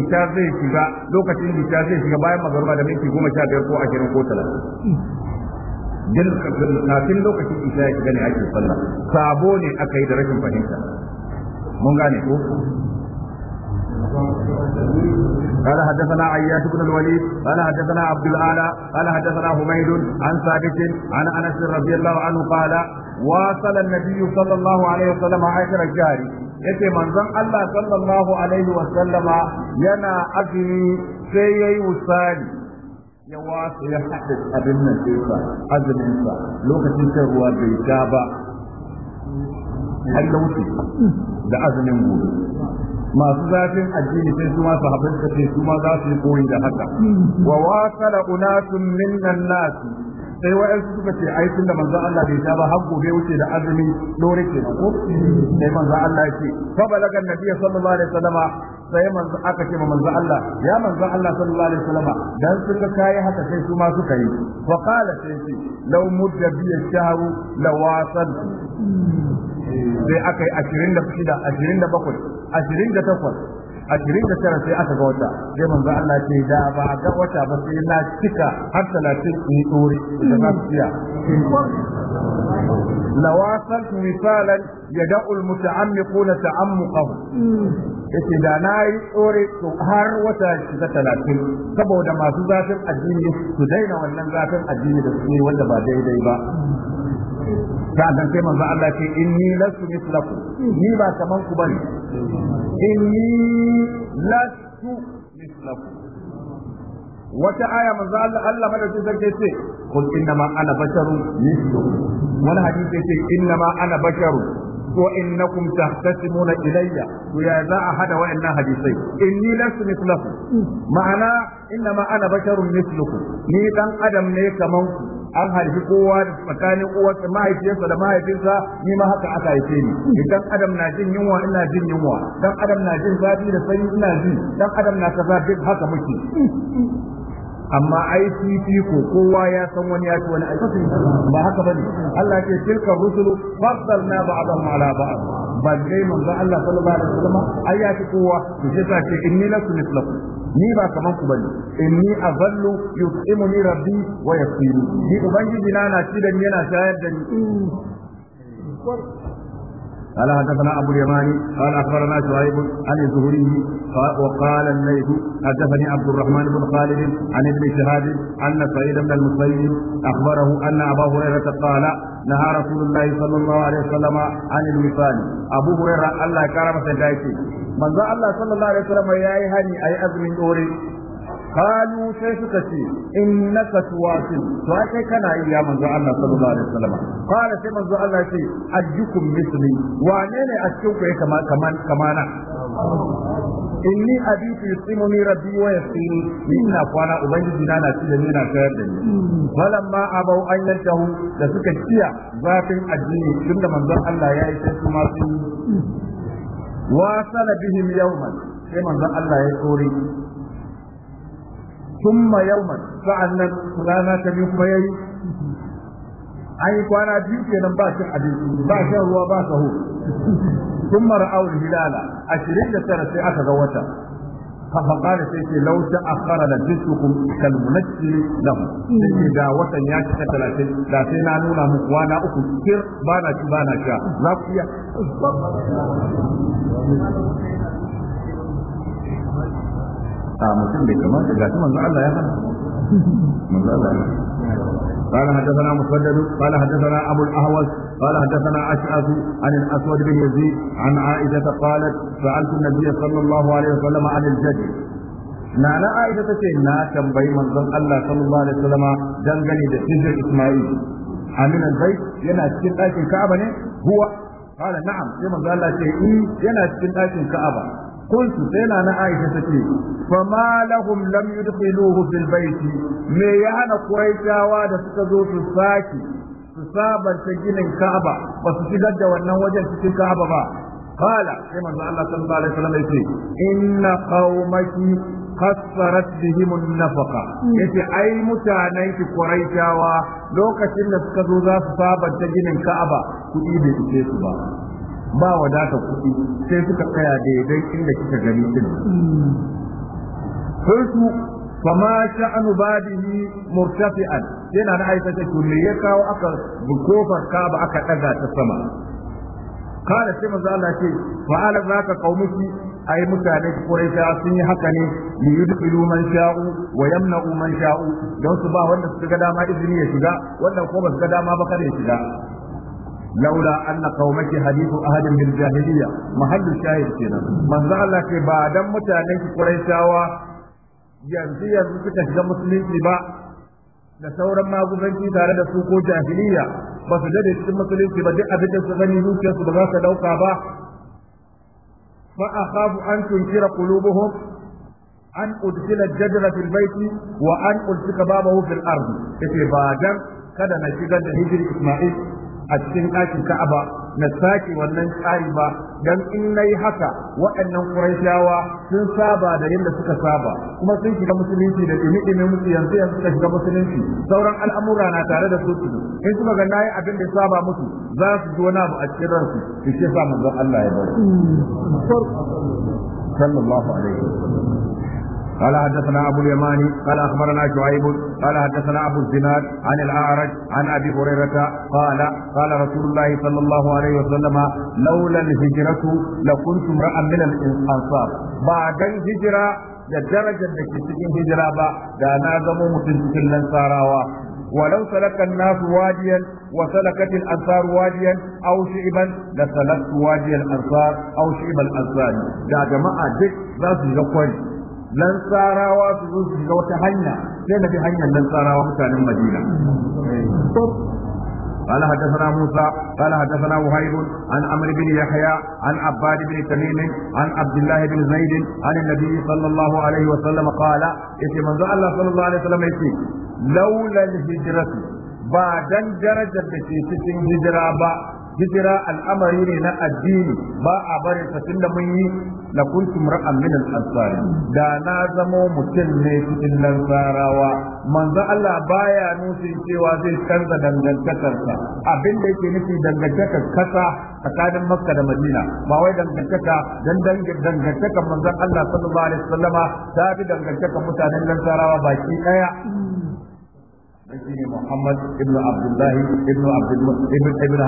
isha zai shiga lokacin isha zai shiga bayan magariba da minti goma sha biyar ko ashirin ko talatin din kafin lokacin isa ya shiga ne ake sallah sabo ne aka yi da rashin fahimta mun gane ko قال حدثنا عياش بن الوليد قال حدثنا عبد الاعلى قال حدثنا حميد عن ثابت عن انس رضي الله عنه قال واصل النبي صلى الله عليه وسلم عشر الجاري yake manzon Allah sallallahu alaihi wa sallama yana azumi sai yayi wusali ya wasu ya haɗa abin nan sai azumin sa lokacin shan ruwa bai ta ba har da azumin gobe masu zafin addini sai su ma sahabbai suka ce su ma za su yi koyi da haka wa wasala unatun minnan nasi sai wa'ansu suka ce ai da manzon Allah bai ta ba har gobe wuce da azumi dore ke ko sai manzon Allah ya ce fa balagan nabiyyi sallallahu alaihi wasallama sai manzo aka ce ma manzo Allah ya manzo Allah sallallahu alaihi wasallam dan suka kai haka sai su ma suka yi fa qala sai ce law mudda bi shahru lawasal sai aka yi ashirin da shida ashirin da bakwai ashirin da takwas ashirin da tara sai aka ga wata sai manzo Allah ce da ba a ga wata ba sai na cika har talatin ni dore da za su iya lawasal misalan yada'u almuta'ammiquna ta'ammuqahu yace da na yi tsore to har wata shiga talatin saboda masu zafin addini su daina wannan zafin addini da su ne wanda ba daidai ba sa'an sai manzo Allah ce inni lasu mislaku ni ba kaman ku bane inni lasu mislaku wata aya manzo Allah Allah madaki sai ce kun inna ma ana basharu mislukum wani hadisi yake inna ma ana basharu wa innakum tahtasimuna ilayya to ya za a hada wa'annan hadisai inni lasu mislaku ma'ana inna ma ana basharu mislukum ni dan adam ne kaman an haifi kowa tsakanin uwarsa mahaifiyarsa da mahaifinsa ni ma haka aka haife ni idan adam na jin yunwa ina jin yunwa dan adam na jin zafi da sanyi ina ji dan adam na kaza duk haka muke amma ai ko kowa ya san wani ya ci wani aiki ba haka bane Allah ce tilka rusulu faddalna ba'dhum ala ba'd balle manzo Allah sallallahu alaihi wasallam ai ya ci kowa to ta ce inni lakum mislakum ni ba kaman ku bane inni azallu yutimuni rabbi wa yasiri ni ubangiji na na ci da yana shayar da ni قال حدثنا ابو اليماني قال اخبرنا شعيب عن الزهري وقال الليث حدثني عبد الرحمن بن خالد عن ابن شهاب ان سعيد بن المسيب اخبره ان ابا هريره قال نهى رسول الله صلى الله عليه وسلم عن الوصال ابو هريره الله كرم سدايتي manzo Allah sallallahu alaihi wasallam yayi hani ayi azumin dore قالوا sai suka ce in innaka tuwasil to kai kana yi ya manzo Allah sallallahu alaihi wasallam qala sai manzo Allah ce ajukum misli wane ne a cikin ku ya kama kaman kamana inni abitu yusimuni rabbi wa yasini inna kwana ubangiji na na cikin yana tayar da ni falamma abau an yantahu da suka kiya zafin addini tunda manzo Allah ya yi sai su ma sun wasala bihim yawman sai manzo Allah ya tsore thumma yawman sa'annan rana ta biyu kuma yayi an yi kwana biyu kenan ba cin abinci ba shan ruwa ba sahu mara ra'aw hilala ashirin da tara sai aka ga wata فقال سيدي لو تأخر لجسكم كالمنجي له سيدي دا وطن يا شكا ثلاثين لا سينا نونا مقوانا أكو كير بانا شبانا شا لا a mutum bai kamata ga su manzo Allah ya hana manzo Allah ya قال حدثنا مسدد قال حدثنا ابو الاهوس قال حدثنا اشعث عن الاسود بن يزيد عن عائشه قالت سالت النبي صلى الله عليه وسلم عن الجد na na Aisha ta ce na tambayi manzon Allah sallallahu alaihi dangane da Hijr Isma'il Amin al yana cikin ɗakin Ka'aba ne huwa qala na'am sai manzon Allah ce eh yana cikin ɗakin Ka'aba Kunsu sai na na Aisha take fa ma lahum lam yudkhiluhu fil baiti me ya hana Quraishawa da suka zo su saki su sabanta ginin Ka'aba ba su shigar da wannan wajen cikin Ka'aba ba qala sai manzo Allah sallallahu alaihi wasallam yace inna qaumaki قصرت بهم النفقة yace ai mutanen ki Quraishawa lokacin da suka zo za su sabanta ginin Ka'aba kuɗi bai ishe su ba ba wadatar kuɗi sai suka tsaya daidai inda kika gani din su fama sha'anu badihi murtafi'an yana da aikata ta kunne ya kawo aka ka ba aka daga ta sama kana sai manzo Allah ce ala zaka qaumuki ai mutane ta sun yi haka ne li yudkhilu man sha'u wa yamna'u man sha'u don su ba wanda su ga dama izini ya shiga wanda ko ba su ga dama ba kada ya shiga laula anna qaumaki hadithu ahadin bil jahiliya mahallu shahid kenan manzo Allah ke ba dan mutane ki Quraishawa yanzu yanzu suka shiga musulunci ba da sauran magudanci tare da su ko jahiliya ba su dade cikin musulunci ba duk abin da su gani zuciyarsu ba za su dauka ba fa akhafu an tunkira qulubuhum an udkhila jadra fil baiti wa an ulsika babahu fil ardi yace ba dan kada na shigar da hijri isma'il a cikin ɗakin Ka'aba na sake wannan tsari ba dan in nayi haka waɗannan Qurayshawa sun saba da yadda suka saba kuma sun shiga musulunci da dimi-dimi musu yanzu yanzu suka shiga musulunci sauran al'amura na tare da su in suka ga nayi abin da saba musu za su ji wani abu a cikin ransu su ce sa Allah ya bari hmm. sallallahu alaihi wasallam قال حدثنا أبو اليماني قال أخبرنا شعيب قال حدثنا أبو الزناد عن الأعرج عن أبي هريرة قال قال رسول الله صلى الله عليه وسلم لولا الهجرة لكنت امرأ من الأنصار بعد الهجرة da darajar da ke cikin hijira ba da na zamo mutum cikin nan sarawa ولو سلك الناس واديا وسلكت الانصار واديا او شعبا لسلكت وادي الانصار او شعب الانصار يا جماعه دك ذات الجوكري nan tsarawa su zo su shiga wata hanya sai na bi hanyar nan tsarawa mutanen madina قال حدثنا موسى قال حدثنا وهيب عن عمرو بن يحيى عن عباد بن تميم عن عبد الله بن زيد عن النبي صلى الله عليه وسلم قال يتي منذ الله صلى الله عليه وسلم يتي لولا الهجرة بعد درجة في هجرة hijira al'amari ne na addini ba a barin sa da mun yi la kuntum ra'an min al da na zamo mutum ne cikin lansarawa manzo Allah baya nufin cewa zai canza dangantakarsa abin da yake nufi dangantakar kasa tsakanin Makka da Madina ba wai dangantaka dan dangantakar manzon Allah sallallahu alaihi wasallama ta fi dangantakar mutanen lansarawa baki daya shine Muhammad ibn Abdullah ibn Abdul ibn ibn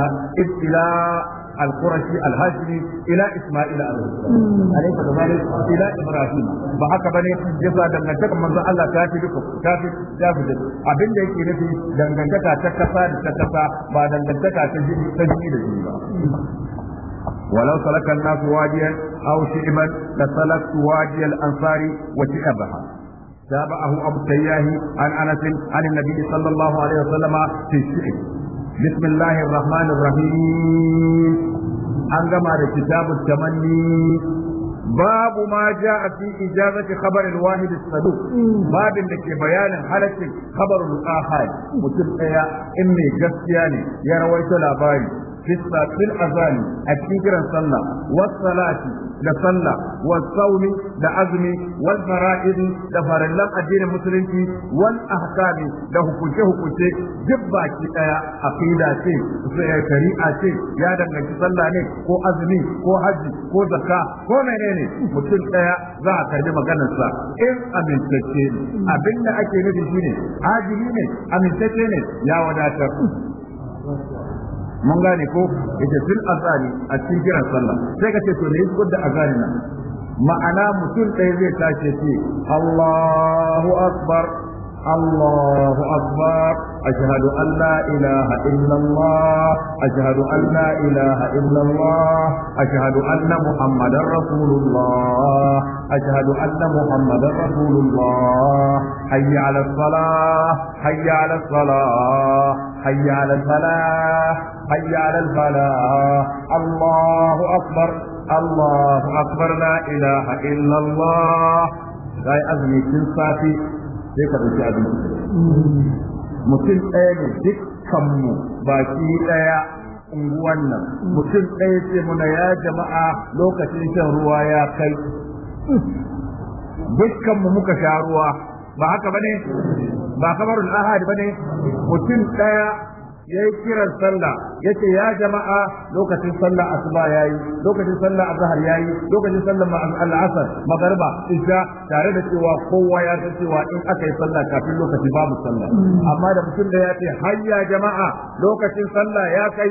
al-Qurashi al-Hashimi Isma'il al-Hashimi alayka kadhalik Ibrahim ba haka bane yasa dangantaka manzo Allah ta fi duka ta fi jabu da abin da yake nufi dangantaka ta kasa da ta kasa ba dangantaka ta jini ta jini da jini ba ولو سلك da واديا او شعبا لسلكت وادي الانصار وشعبها تابعه أبو التياه عن أنس عن النبي صلى الله عليه وسلم في الشعر بسم الله الرحمن الرحيم أنجم على كتاب التمني باب ما جاء في إجابة خبر الواحد الصدوق باب انك بيان حالة خبر الآخر متبقى إمي جسياني يا رويت لاباري a cikin aƙirƙiran sallah, wasu salashi da sallah, wasu zaune da azumi, wasu haraduni da farallan addinin musulunci, wasu ahazabe da hukuce-hukuce duk baki ɗaya a ƙidace eh, suke ƙari ce, ya danna sallah ne, ko azumi ko haji ko jaka ko menene Mutum ɗaya za a karɓi maganarsa, in amintacce ne. Abin da ake ni da jini, hajini ne, amintacce ne, ya wadatar. mun gane ko yace fil azani a cikin kiran sallah sai ka ce to ne ko da azani ma'ana mutum ɗaya zai tashi ce Allahu akbar الله أكبر أشهد أن لا إله إلا الله أشهد أن لا إله إلا الله أشهد أن محمدا رسول الله أشهد أن محمدا رسول الله حي على الصلاة حي على الصلاة حي على الفلاح حي على الفلاح الله أكبر الله أكبر لا إله إلا الله لا أزمي في sai ka ɗauki abinci mutum ɗaya ne dukkanmu baki ɗaya unguwan nan mutum ɗaya ce muna ya jama'a lokacin shan ruwa ya kai dukkanmu muka sha ruwa ba haka ba ba kamar ahad bane mutum ɗaya ya yi kiran sallah ya ce ya jama'a lokacin sallah asuba ya yi lokacin sallah azhar ya yi lokacin sallah al'asar magarba isha tare da cewa kowa ya san cewa in aka yi sallah kafin lokaci babu sallah amma da mutum da ya ce hayya jama'a lokacin sallah ya kai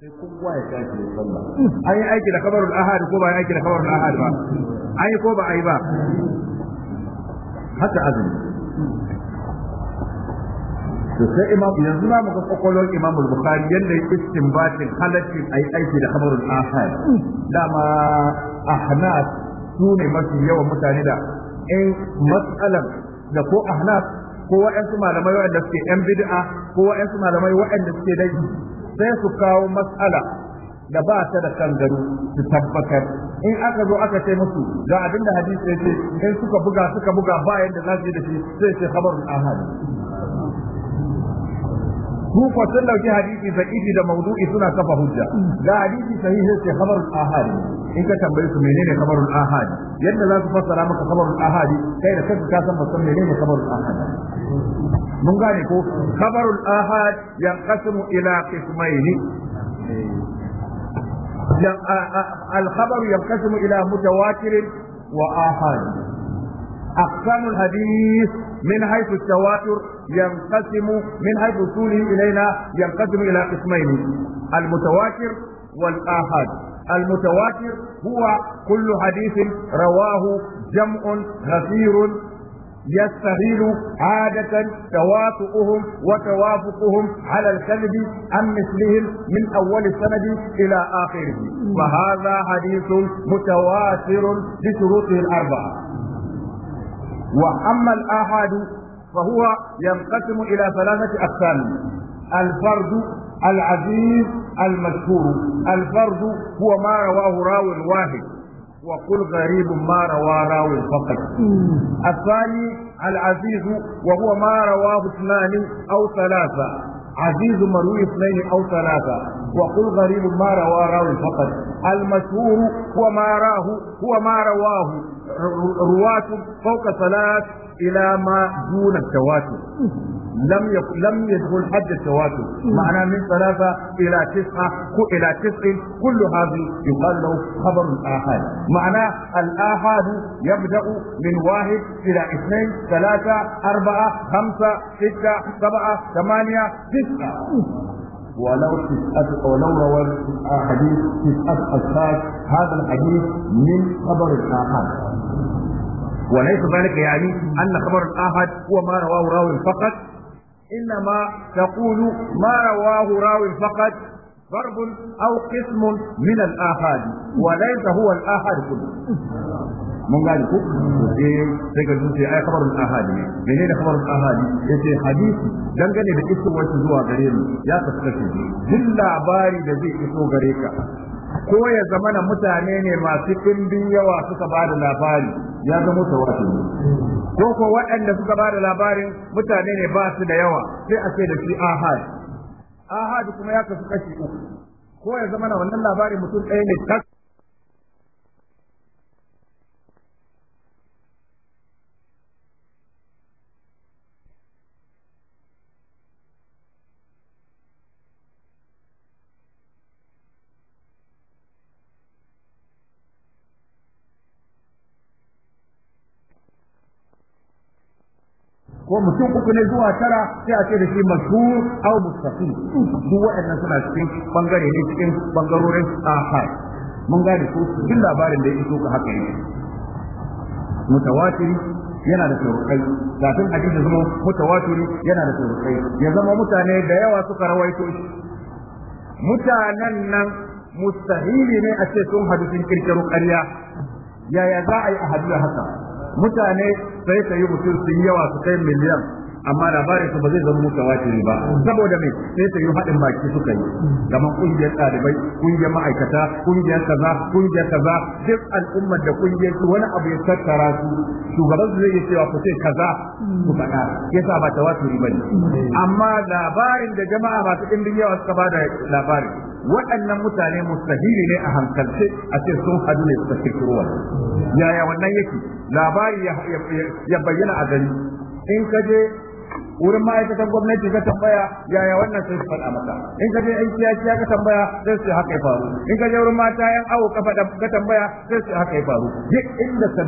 sai kowa ya kai sallah an yi aiki da kabarul ahad ko ba ya aiki da kabarul ahad ba an yi ko ba a yi ba haka azumi to sai imam yanzu na muka kwakwalwar imam bukhari yadda yake istinbatin halatti a yi aiki da khabarul ahad dama ahnaf su ne mafi yawan mutane da in matsalar da ko ahnaf ko wa'ansu malamai wa'anda suke yan bid'a ko wa'ansu malamai wa'anda suke dai sai su kawo matsala da ba ta da kan su tabbatar in aka zo aka ce musu ga abinda hadisi ya ce in suka buga suka buga ba yadda za su yi da shi sai ce khabarul ahad su ko sun dauki hadisi sahihi da maudu'i suna kafa hujja ga hadisi sahihi sai khabarul ahadi. in ka tambaye su menene khabarul ahadi. yadda za su fassara maka khabarul ahadi, kai da kanka ka san basan menene khabarul ahadi. mun gane ko khabarul ya yanqasimu ila qismaini الخبر ينقسم إلى متواتر وآحاد أقسام الحديث من حيث التواتر ينقسم من حيث وصوله إلينا ينقسم إلى قسمين المتواتر والآحاد المتواتر هو كل حديث رواه جمع غفير يستغل عادة تواطؤهم وتوافقهم على الكذب عن مثلهم من أول السند إلى آخره فهذا حديث متواتر بشروطه الأربعة وأما الآحاد فهو ينقسم إلى ثلاثة أقسام الفرد العزيز المشهور الفرد هو ما رواه راو واحد وقل غريب ما روى راو فقط الثاني العزيز وهو ما رواه اثنان أو ثلاثة عزيز مروي اثنين او ثلاثة وقل غريب ما روى راوي فقط المشهور هو ما راه هو ما رواه رواتب فوق ثلاث إلى ما دون التواتر لم لم يدخل حد التواتر معناه من ثلاثة إلى تسعة إلى تسع كل هذه يقال له خبر الآحاد معناه الآحاد يبدأ من واحد إلى اثنين ثلاثة أربعة خمسة ستة سبعة ثمانية تسعة ولو تسأل ولو روى حديث تسأل أشخاص هذا الحديث من خبر الآحاد وليس ذلك يعني أن خبر الآحاد هو ما رواه راوي فقط إنما تقول ما رواه راوي فقط ضرب أو قسم من الآحاد وليس هو الآحاد كله mun gane ko eh sai ka zuciya ai khabarul ahadi ne menene da khabarul ahadi yace hadisi dangane da iso wacce zuwa gare mu ya kaskace duk labari da zai iso gare ka ko ya zama na mutane ne masu ɗimbin yawa suka ba da labari ya zama tawatur ko ko waɗanda suka ba da labarin mutane ne ba su da yawa sai a ce da shi ahad ahad kuma ya kasu kashi uku ko ya zama na wannan labarin mutum ɗaya ne tas ko mutum uku ne zuwa tara sai a ce da shi mashhur aw mustaqim duk waɗannan suna cikin bangare ne cikin bangarorin aha mun gane su duk labarin da ya iso ka haka yake mutawatiri yana da tun kafin cikin zuwa mutawatiri yana da turukai ya zama mutane da yawa suka rawaito shi mutanen nan mustahili ne a ce sun hadu sun kirkiro ƙarya yaya za a yi a haka mutane sai ka yi mutum sun yawa su kai miliyan amma labarin su ba zai zama mutawatiri ba saboda me sai ta yi haɗin baki suka yi kamar kungiyar ɗalibai kungiyar ma'aikata kungiyar kaza kungiyar kaza duk al'ummar da kungiyar su wani abu ya tattara su shugaban su zai yi cewa ku kaza ku faɗa yasa ba tawatiri ba ne amma labarin da jama'a masu ɗimbin yawa suka bada labarin waɗannan mutane mustahili ne a hankalce a ce sun hadu ne suka kirkiro yaya wannan yake labari ya bayyana a gari in ka je wurin ma'aikatan gwamnati ka tambaya yaya wannan sai su faɗa maka in ka je ɗan kiyakiya ka tambaya sai su haka ya faru in ka je wurin mata yan awo ka faɗa ka tambaya sai su haka ya faru duk inda ka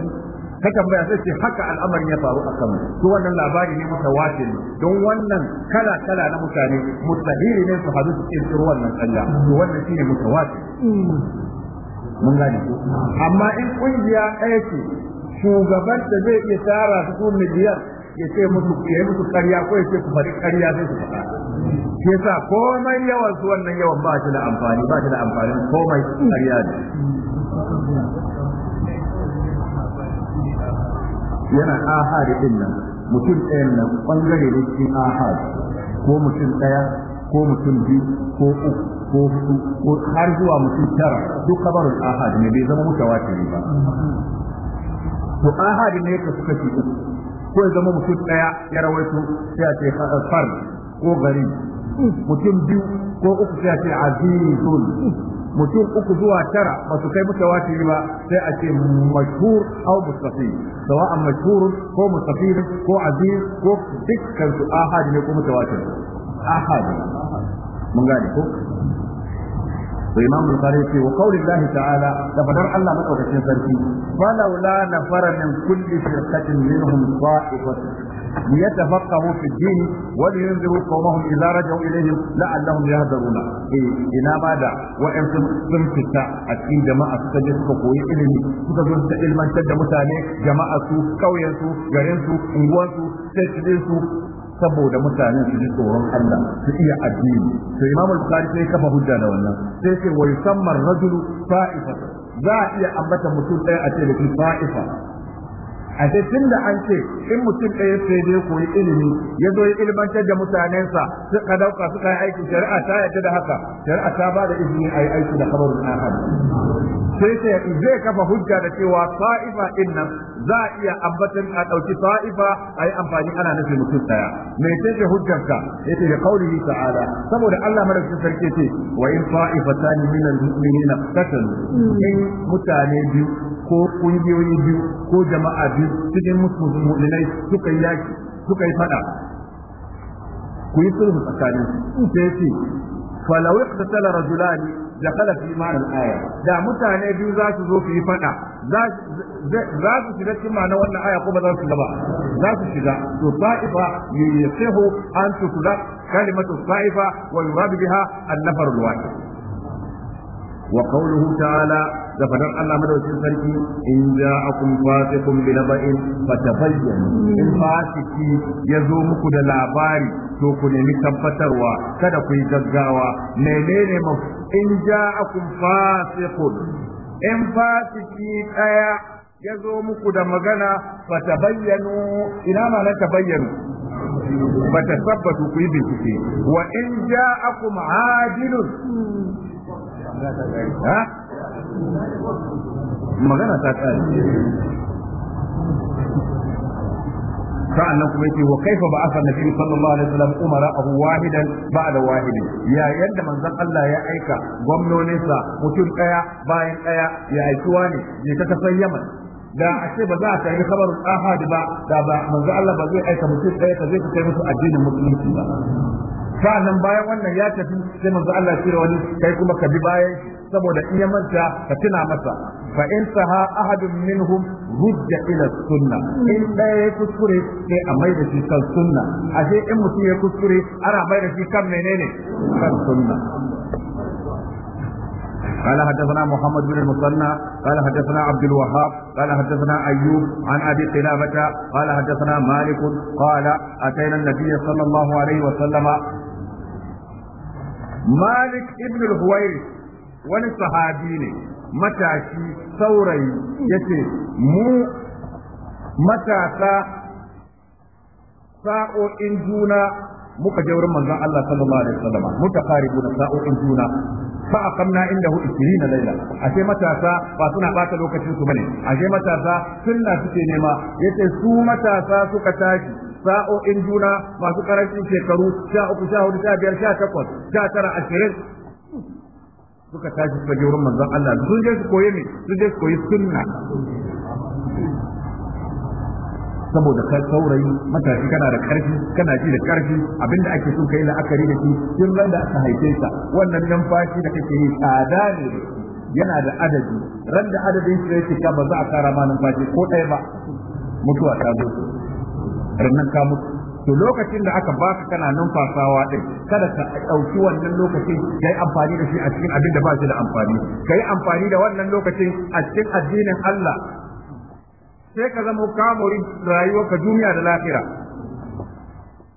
ka tambaya sai su haka al'amarin ya faru a kan to wannan labari ne masa wace don wannan kala kala na mutane mutahiri ne su hadu su kirkiro wannan kanya to wannan shine masa wace mun gane ko amma in kungiya ɗaya ce shugaban da zai iya tara su miliyan ya ce musu ya yi musu karya ko ya ce ku bari karya sai su faɗa shi yasa komai yawan su wannan yawan ba shi da amfani ba shi da amfani komai karya ne yana ahadi din nan mutum ɗaya nan ɓangare ne cikin ahadi ko mutum ɗaya ko mutum biyu ko uku ko hudu ko har zuwa mutum tara duk kabarul ahadi ne bai zama mutawa mutawatiri ba to ahadi ne ka suka ci uku ko ya zama mutum ɗaya ya rawaito sai a ce far ko gari mutum biyu ko uku sai a ce azizun mutum uku zuwa tara ba su kai mutawatiri ba sai a ce mashhur aw mustafid sawa'an mashhur ko mustafid ko aziz ko dukkan su ahad ne ko mutawatir ahad mun gane ko to imam bukhari ce wa qawli allah ta'ala da fadar allah madaukakin sarki falawla nafara min kulli firqatin minhum qa'ifatun ليتفقهوا في الدين ولينذروا قومهم اذا رجعوا اليهم لعلهم يهذرون إيه ina ba da wa'yansu sun fita a cikin jama'a suka je suka koyi ilimi suka zo suka ilmantar da mutane jama'a su kauyen su garin su saboda mutanen su ji tsoron Allah su iya addini to Imam Bukhari sai kafa hujja da wannan sai ce wa yusammar rajulu fa'ifa za a iya ambata mutum ɗaya a ce da shi fa'ifa a tun da an ce in mutum ɗaya sai dai koyi ilimi ya zo ya ilimantar da mutanensa suka dauka suka yi aiki shari'a ta yadda da haka shari'a ta ba da izini a yi aiki da kabarin ahad sai sai zai kafa hujja da cewa sa'ifa din nan za a iya ambatan a ɗauki sa'ifa a yi amfani ana nufi mutum ɗaya mai ce ce hujjarka yace da kaulihi ta'ala saboda Allah madaukakin sarki ce wa in sa'ifatani minal mu'minina qatalu hmm. in mutane biyu ko kungiyoyi biyu ko jama'a biyu cikin musulmai suka yi yaki suka yi fada ku yi sulhu tsakanin su sai ce falau da rajulani da fi ma'an aya da mutane biyu za su zo su yi fada za su shiga cikin ma'anar wannan aya ko ba za su shiga za su shiga to sa'ifa yasihu an tukula kalimatu sa'ifa wa yurad biha an-nafar wahid وقوله تعالى زفدان الله مدوكي سركي إن جاءكم فاسق بنبأ فتبين إن muku da labari, to ku nemi tabbatarwa kada ku yi gaggawa menene mu in ja'akum fasiqun in fasiki ya muku da magana fa tabayyanu ina ma na tabayyanu fa ku yi bincike wa in ja'akum adilun magana ta kare sa'annan kuma yake wa kaifa ba aka nabi sallallahu alaihi wasallam umara abu wahidan ba'da wahidi. ya yadda manzon Allah ya aika gwamnoninsa mutum daya bayan daya ya aiki wani je ka kasar Yaman da ashe ba za a karbi kabarin ahad ba da ba manzon Allah ba zai aika mutum daya ka zai ka kai musu addinin musulunci ba sa'annan bayan wannan ya tafi sai manzo Allah ya wani kai kuma ka bi bayan saboda in ya manta ka tuna masa fa in saha ahadun minhum rujja ila sunna in ɗaya ya kuskure sai a mai da shi kan sunna ashe in mutum ya kuskure ana mai da shi kan menene kan sunna قال حدثنا محمد بن المثنى قال حدثنا عبد الوهاب قال حدثنا ايوب عن ابي قلابه قال حدثنا مالك قال اتينا النبي صلى الله عليه وسلم malik ابن al wani sahabi ne matashi saurayi yace mu matasa sa'o'in juna muka je wurin manzon Allah sallallahu alaihi wasallam mutaqaribuna sa'o'in juna fa aqamna indahu 20 layla ashe matasa ba suna bata lokacin su bane ashe matasa sunna suke nema yace su matasa suka tashi sa'o'in juna masu karancin shekaru sha uku sha hudu sha biyar sha takwas sha tara ashirin suka tashi suka je wurin manzon Allah sun je su koyi ne sun je su koyi sunna saboda kai saurayi matashi kana da karfi kana ji da karfi abinda ake so kai la'akari da shi tun ran da aka haife ka wannan numfashi da kake yi tsada ne yana da adadi ran da adadin shi ya cika ba za a kara ma numfashi ko ɗaya ba mutuwa ta zo rannan ka mutu to lokacin da aka baka kana numfasawa din kada ka ɗauki wannan lokacin kai amfani da shi a cikin abin da ba shi da amfani kai amfani da wannan lokacin a cikin addinin Allah sai ka zama ka mori rayuwarka duniya da lahira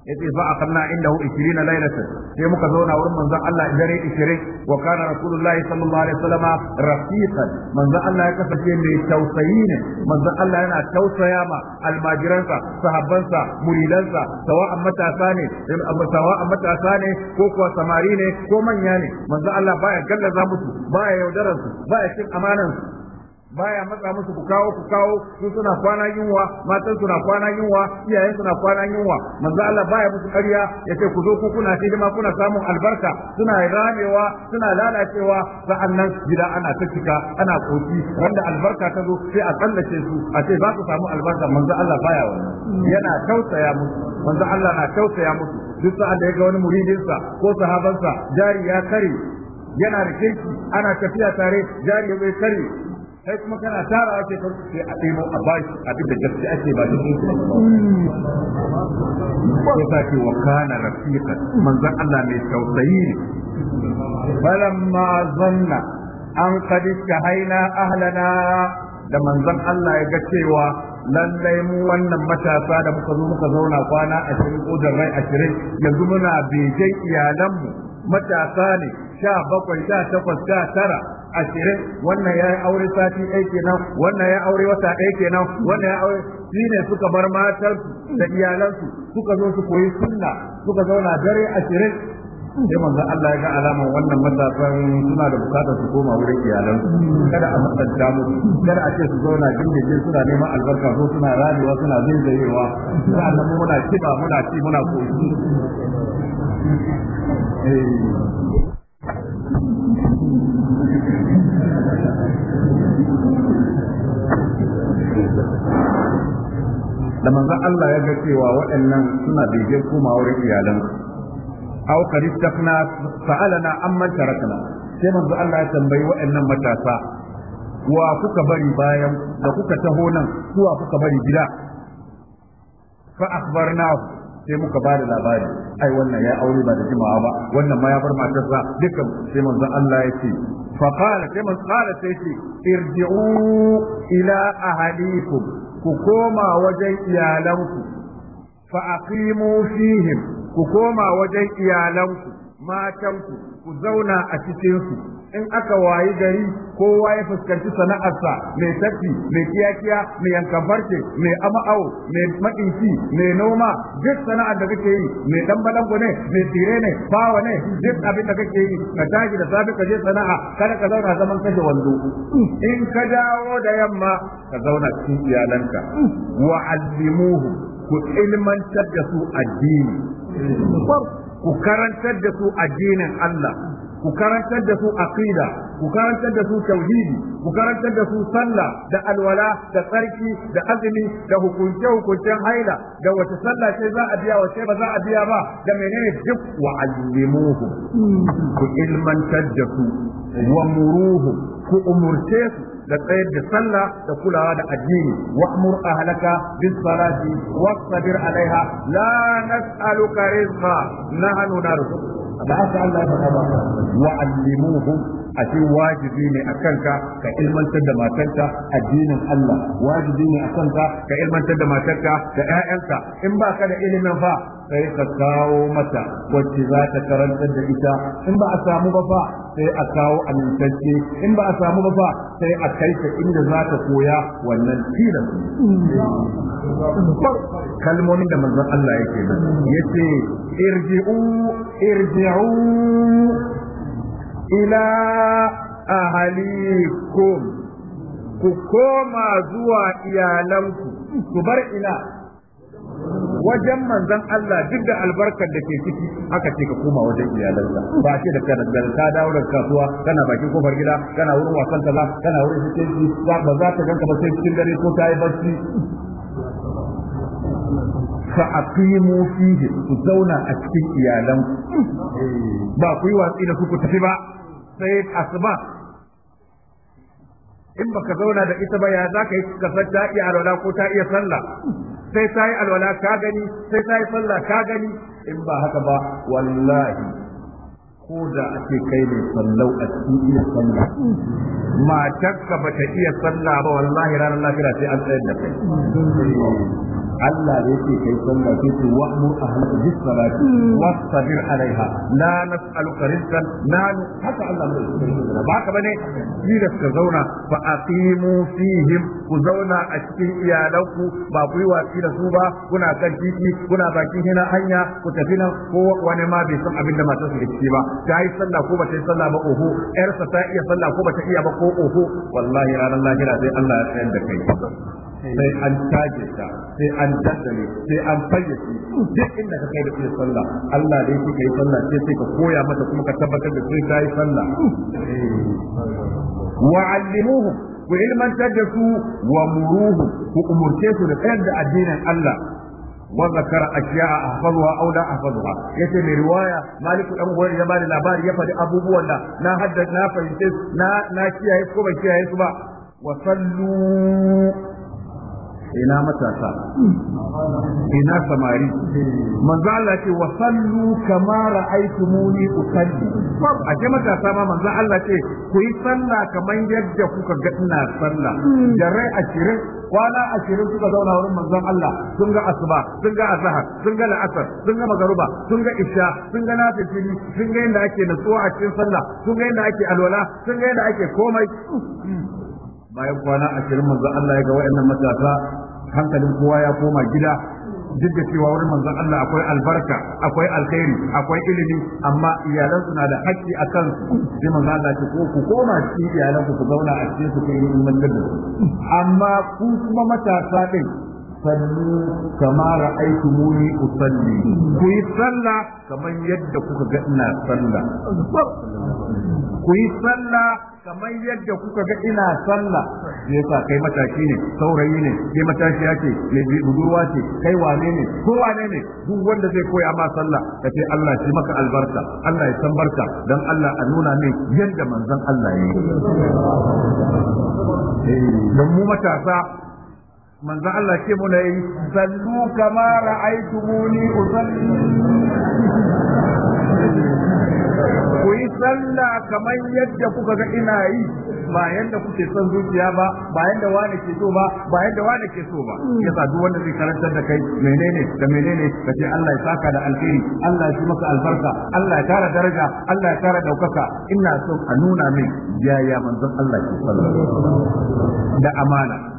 yace fa akanna indahu 20 laylatan sai muka zauna wurin manzon Allah dare 20 wa kana rasulullahi sallallahu alaihi wasallam rafiqan manzon Allah ya kasance mai tausayi ne manzon Allah yana tausaya ma almajiransa sahabbansa muridansa sawa'an matasa ne sawa'an matasa ne ko kuwa samari ne ko manya ne manzon Allah baya gallaza musu baya yaudaransu baya cin amanan baya matsa musu ku kawo ku kawo su suna kwana yunwa matan suna kwana yunwa iyayen suna kwana yunwa manzo Allah baya musu ƙarya yace ku zo ku kuna hidima kuna samun albarka suna ramewa suna lalacewa sa'annan gida ana ta cika ana koki wanda albarka ta zo sai a tsallace su a ce ba ku samu albarka manzo Allah baya wannan yana tausaya musu manzo Allah na tausaya musu duk sa'a da ya ga wani muridinsa ko sahabansa jari ya kare yana da kirki ana tafiya tare jari ya kare sai kuma kana tara ake kan sai a ɗebo a bashi abin da gaske ake ba cikin su ko ta wa kana rafiqa manzon Allah mai tausayi ne falamma zanna an qad haina ahlana da manzon Allah ya ga cewa lallai mu wannan matasa da muka zo muka zauna kwana ashirin ko jarrai rai ashirin yanzu muna begen iyalanmu matasa ne sha bakwai sha takwas sha tara ashirin wannan ya yi aure sati ɗaya kenan wannan ya aure wata ɗaya kenan wannan ya aure shi ne suka bar matarsu da iyalansu suka zo su koyi sunna suka zauna dare ashirin sai manzo Allah ya ga alama wannan matasan suna da bukatar su koma wurin iyalan kada a matsanta mu kada a ce su zauna gindinje suna neman albarka ko suna rayuwa suna zaizayewa sa'an nan muna kiba muna ci muna koyi da manzo Allah ya ga cewa waɗannan suna bege kuma wurin iyalan aw qad istafna sa'alana amman tarakna sai manzo Allah ya tambayi waɗannan matasa wa kuka bari bayan da kuka taho nan kuwa kuka bari gida fa akhbarnahu sai muka ba da labari ai wannan ya aure ba da jimawa ba wannan ma ya bar matarsa dukkan sai manzo Allah ya ce fa qala sai manzo qala sai ce irji'u ila ahalikum ku koma wajen iyalanku fa aqimu fihim ku koma wajen iyalanku matanku ku zauna a cikin su in aka wayi gari kowa ya fuskanci sa, mai tafi mai kiyakiya mai yankan farce mai ama'au mai maɗinki mai noma duk sana'ar da kake yi mai dan balango ne mai tsire ne bawa ne duk abin da kake yi ka tashi da safe ka je sana'a kada ka zauna zaman kashe wando in ka dawo da yamma ka zauna cikin iyalanka wa allimuhu ku ilmantar da su addini ku karantar da su addinin Allah ku karantar da su aqida ku karantar da su tauhidi ku karantar da su sallah da alwala da tsarki da azumi da hukunce hukuncen haila da wace sallah ce za a biya wace ba za a biya ba da menene duk wa allimuhu ku ilmantar da su wa muruhu ku umurce su da tsayar da sallah da kulawa da addini wa amur ahlaka bis salati wasbir alaiha la nas'aluka rizqa nahnu narzuquka da haka Allah ya faɗa ba wa allimuhu a ce wajibi ne a kanka ka ilmantar da matarka addinin Allah wajibi ne a kanka ka ilmantar da matarka da ƴaƴanka in ba ka da ilimin fa sai ka kawo mata wacce za ta karantar da ita in ba a samu ba fa sai a kawo amintacce in ba a samu ba fa sai a kai ta inda za ta koya wannan tilas kalmomin da manzon Allah yake yace irji'u irji ارجعوا إلى أهليكم zuwa زوا إيالانكم كبر إلى wajen manzon Allah duk da albarkar da ke ciki aka ce ka koma wajen iyalansa ba ce da kana da ka dawo daga kasuwa kana bakin kofar gida kana wurin wasan kaza kana wurin fitin ba za ka ganka ba sai cikin dare ko ta yi barci aqimu fihi ku zauna a cikin iyalan ba ku yi watsi da su ku tafi ba sai asuba in baka zauna da ita ba ya za ka yi kasar ta iya alwala ko ta iya sallah sai ta yi alwala ka gani sai ta yi sallah ka gani in ba haka ba wallahi ko da ake kai mai sallau a cikin iya sallah matarka ba ta iya sallah ba wallahi ranar lafiya sai an tsayar da kai Allah ya ce kai sallah ce ce wa mu ahlaka bis salati wasbir alaiha la nas'aluka rizqan na haka Allah ne ce ba bane ni da suka zauna fa aqimu fihim ku zauna a cikin iyalanku ba ku yi da su ba kuna kan titi kuna bakin hina hanya ku tafi nan ko wani ma bai san abin da matarsa da ciki ba ta yi sallah ko ba ta yi sallah ba oho yarsa ta iya sallah ko ba ta iya ba ko oho wallahi ranar lahira sai Allah ya tsayar da kai sai an taje ta sai an daddare sai an fayyace duk inda ka kai da iya sallah Allah dai yake kai sallah sai sai ka koya mata kuma ka tabbatar da sai kai yi sallah wa ku ilmantar da su wa muruhu ku umurce su da tsayar da addinin Allah وذكر a احفظها او لا احفظها yace mai riwaya maliku dan goyar ya bani labari ya faɗi abubuwan da na haddace na fahimce na na kiyaye ko ban kiyaye su ba wa sallu ina matasa ina samari manzo Allah ce wa sallu kama ra'aytumuni usalli a ce matasa ma manzo Allah ce ku yi sallah kamar yadda kuka ga ina sallah da rai ashirin kwana ashirin suka zauna wurin manzon Allah sun ga asuba sun ga azhar sun ga la'asar sun ga magaruba sun ga isha sun ga nafili sun ga yadda ake natsuwa a cikin sallah sun ga yadda ake alwala sun ga yadda ake komai bayan kwana ashirin manza Allah ya ga waɗannan matasa hankalin kowa ya koma gida duk da cewa wurin manzon Allah akwai albarka akwai alkhairi akwai ilimi amma iyalan suna da haƙƙi a kansu sai manzon Allah ce ko ku koma cikin iyalan ku zauna a cikin su kai mun amma ku kuma matasa din sallu kama muni usalli ku yi sallah kamar yadda kuka ga ina sallah ku yi sallah kamar yadda kuka ga ina sallah yasa kai mataki ne saurayi ne kai matashi ce mai budurwa ce kai wane ne ko wane ne duk wanda zai koya ma sallah ka ce Allah shi maka albarka Allah ya san barka dan Allah a nuna ne yadda manzon Allah ya yi eh, mu matasa manzo Allah ce mu ne sallu kama ra'aytumuni usalli ku yi sallah kamar yadda kuka ga ina yi ba yadda kuke son zuciya ba ba yadda wani ke so ba ba yadda wani ke so ba yasa duk wanda zai karantar da kai menene da menene ka ce Allah ya saka da alheri Allah ya maka albarka Allah ya kara daraja Allah ya kara daukaka ina son a nuna min yaya manzon Allah ke sallah da amana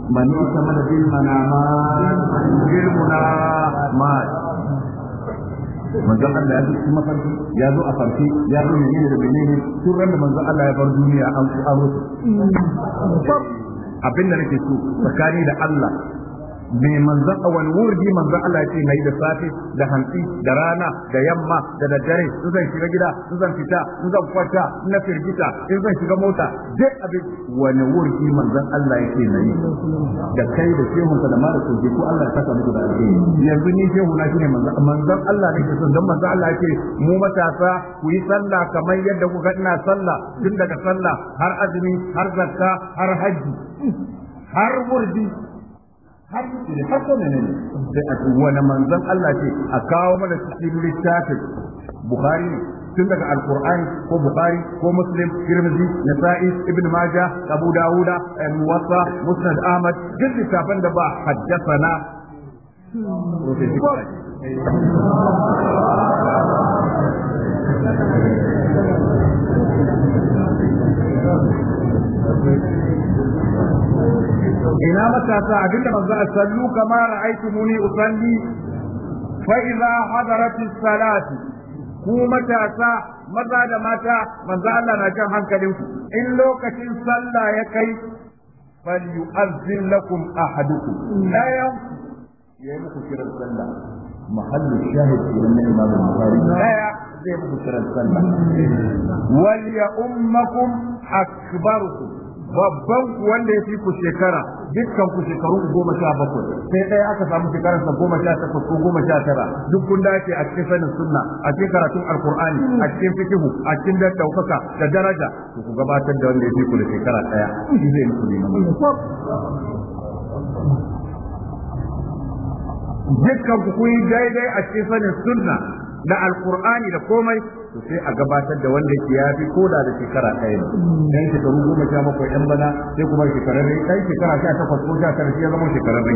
من ائتمن بالمنامات بالمنامات Manzo Allah ya zuci mafarki ya zo a farki ya zo menene da menene tun ran da Allah ya bar duniya an su aro abin da nake so tsakani da Allah mai a wani wurdi manzon Allah ce mai da safe da hantsi da rana da yamma da daddare in zan shiga gida in zan fita in zan kwata na firgita in zan shiga mota duk abin wani wurdi manzon Allah yake mai da kai da shehun ka da malakin ji ko Allah ya saka muku da alheri yanzu ni shehu na shine manzon manzon Allah ke son dan manzon Allah yake mu matasa ku yi sallah kamar yadda kuka ina sallah tun daga sallah har azumi har zakka har hajji, har wurdi har da farko ne ne sai a wani manzon Allah ce a kawo mana cikin littafin Bukhari tun daga Alkur'ani ko Bukhari ko Muslim Tirmidhi Nasa'i Ibn Maja, Abu Dawuda Muwatta Musnad Ahmad duk littafan da ba haddasana Thank you. ina matasa abinda manzo a sallu kama muni usalli fa idha hadarati salati ku matasa maza da mata manzo Allah na kan ku in lokacin sallah ya kai falyu'azzin lakum ahadukum yam ya muku kiran sallah mahallu shahid ibn imam al-bukhari ya zai muku kiran sallah wal ya ummakum akbarukum babban wanda ya fi ku shekara dukkan ku shekaru goma sha bakwai sai ɗaya aka samu shekararsa goma sha takwas ko goma sha tara duk kun dace a cikin sanin sunna a cikin karatun alkur'ani a cikin fikihu a cikin da daukaka da daraja ku gabatar da wanda ya fi ku da shekara ɗaya shi zai ne dukkan ku kun daidai a cikin sanin sunna da alkur'ani da komai to sai a gabatar da wanda yake ya fi koda da shekara ɗaya ne dan shekaru goma sha bakwai ɗan bana sai kuma shekarar rai ɗan shekara sha takwas ko sha tara shi ya zama shekarar ne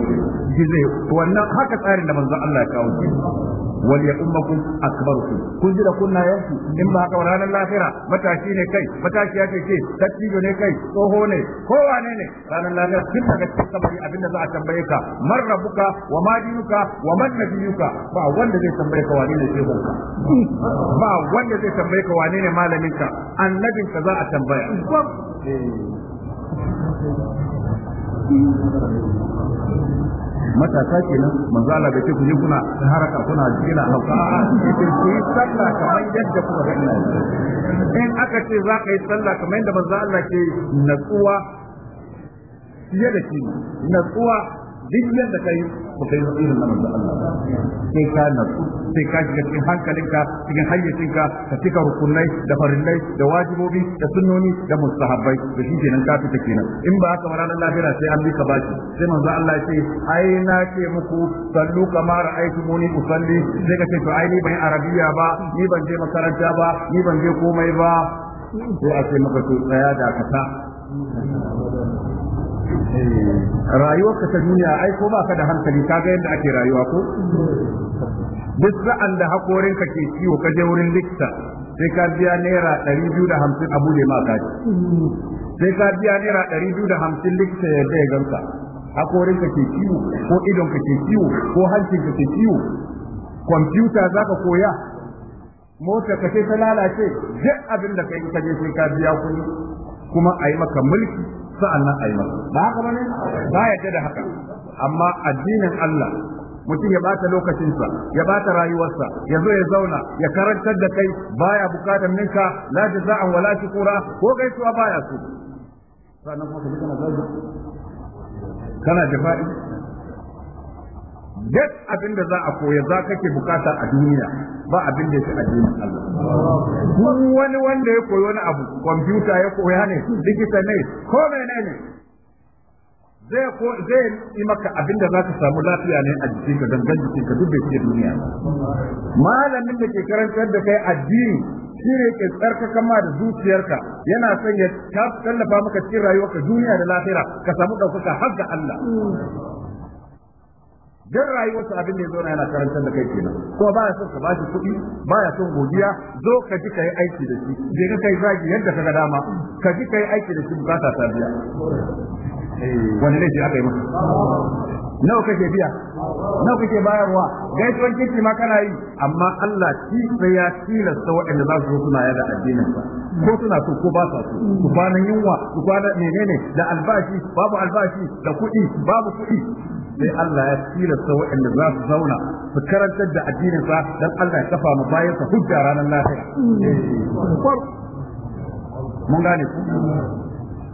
shi zai wannan haka tsarin da manzon Allah ya kawo shi wal yaqumukum akbarukum kun ji da kunna yanku in ba haka ranar lafira matashi ne kai matashi ya ce ce dattijo ne kai tsoho ne kowane ne ranar lafira kin daga cikin kabari abinda za a tambaye ka man rabbuka wa ma dinuka wa man nabiyuka ba wanda zai tambaye ka wani ne ba wanda zai tambaye ka wane ne malamin ka annabin ka za a tambaya matasa kenan nan manzala da ke ku je kuna haraka kuna jina hauka cikin ku yi sallah kamar yadda kuka ga ina in aka ce za ka yi sallah kamar yadda manzala ke natsuwa fiye da shi natsuwa duk da kai ba kai irin nan da Allah sai ka nasu sai ka shiga cikin hankalinka cikin hayyacinka ka cika rukunai da farillai da wajibobi da sunnoni da mustahabbai da shi kenan ka fita kenan in ba haka ranar lafiya sai an bi ka baki sai manzo Allah ya ce ai na ce muku sallu kama ku salli sai ka ce to ai ni ban arabiya ba ni ban je makaranta ba ni ban je komai ba sai a ce maka to tsaya da kasa ka ta duniya ai ko ba ka da hankali ka ga yadda ake rayuwa ko duk sa'an da ka ke ciwo ka je wurin likita sai ka biya naira ɗari biyu da hamsin abu ne ma kaji sai ka biya naira ɗari biyu da hamsin likita ya ya ganka ka ke ciwo ko idon ka ke ciwo ko ka ke ciwo kwamfuta za ka koya mota ka ce ta lalace duk abin da kai ka je sai ka biya kuɗi kuma a yi maka mulki sa'annan a yi masa ba haka bane ba yadda da haka amma addinin Allah mutum ya bata lokacinsa ya bata rayuwarsa ya zo ya zauna ya karantar da kai baya bukatar ninka la jaza'an wala shukura ko gaisuwa baya so sannan kuma kana duk abin da za a koya za kake bukata a duniya ba abin da yake addinin Allah wani wanda ya koyi wani abu kwamfuta ya koya ne likita ne ko menene zai ko zai yi maka abin da za zaka samu lafiya ne a jikin ka gangan jikin ka duk da bai duniya malamin da ke karantar da kai addini shi ne ke tsarkaka ma da zuciyarka yana son ya tallafa maka cikin rayuwarka duniya da lafiya ka samu ɗaukaka har ga Allah duk rayuwarsa abin da ya zauna yana karantar da kai kenan kuma baya son ka bashi kuɗi baya son godiya zo ka ji kai aiki da shi je ka kai zagi yadda ka ga dama ka ji kai aiki da shi bukata ta biya eh, wani laifi aka yi maka nawa kake biya nawa kake bayarwa gaisuwan kirki ma kana yi amma Allah shi sai ya tilasta waɗanda za su suna yada addinin sa ko suna so ko ba sa so su kwanan yunwa su kwanan menene da albashi babu albashi da kuɗi babu kuɗi sai Allah ya tilasta waɗanda za su zauna su karantar da addinin sa dan Allah ya kafa mu bayan sa hujja ranar lafiya mun gane ku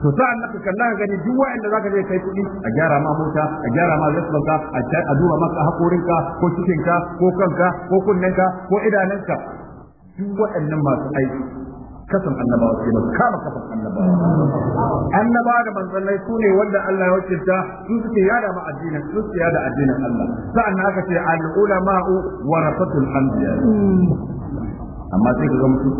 to sa'an nan kan nan gani duk za ka je kai kuɗi a gyara ma mota a gyara ma zasbanka a duba maka hakorinka ko cikinka ko kanka ko kunnenka ko idanunka duk waɗannan masu aiki kasan annabawa ke masu kama kasan annabawa annabawa da manzannai su ne wanda Allah ya wakilta su suke yada ma addinin su suke yada addinin Allah sa'an na aka ce al ulama'u warasatul anbiya amma sai ka ga mutum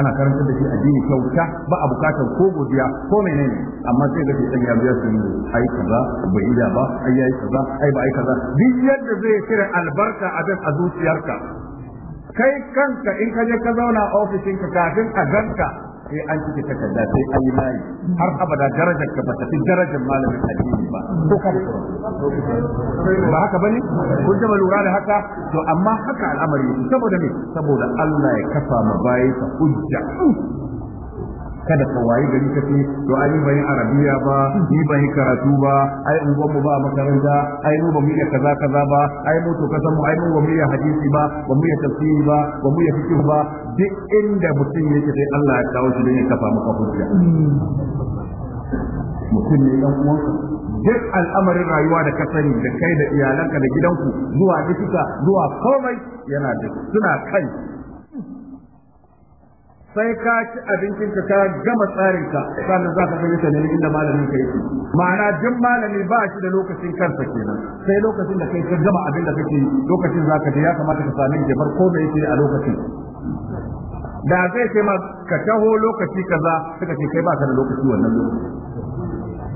ana karanta da shi addini kyauta ba a bukatar ko godiya ko menene amma sai ga dan ya biya su ai kaza bai yi da ba ai yayi kaza ai ba ai kaza duk yadda zai kira albarka a a zuciyarka kai kanka in ka je ka zauna ofishinka kafin a ganka sai an cike takarda sai an yi layi har abada darajar ka ba ta fi darajar malamin addini ba ko ka ba haka bane kun taba lura da haka to amma haka al'amari saboda me saboda Allah ya kafa ma bayi ka hujja kada ka wayi gari ka ce to ai ban yi arabiya ba ni ban yi karatu ba ai unguwan mu ba makaranta ai mu ba mu iya kaza kaza ba ai mu to kasan mu ai mu ba mu iya hadisi ba ba mu iya tafsiri ba ba mu iya fiqh ba duk inda mutum yake sai Allah ya kawo shi don ya kafa maka hujja mutum ne dan uwanka duk al'amarin rayuwa da ka sani da kai da iyalanka da gidanku zuwa likita zuwa komai yana da suna kai sai ka ci abincin ka ka gama tsarin ka sannan za ka gani ne inda malamin ka yake ma'ana duk malami ba shi da lokacin kansa kenan sai lokacin da kai ka gama abin da kake lokacin za je ya kamata ka sami jabar ko me yake a lokacin da zai ce ma ka taho lokaci kaza suka ce kai ba ka da lokaci wannan lokaci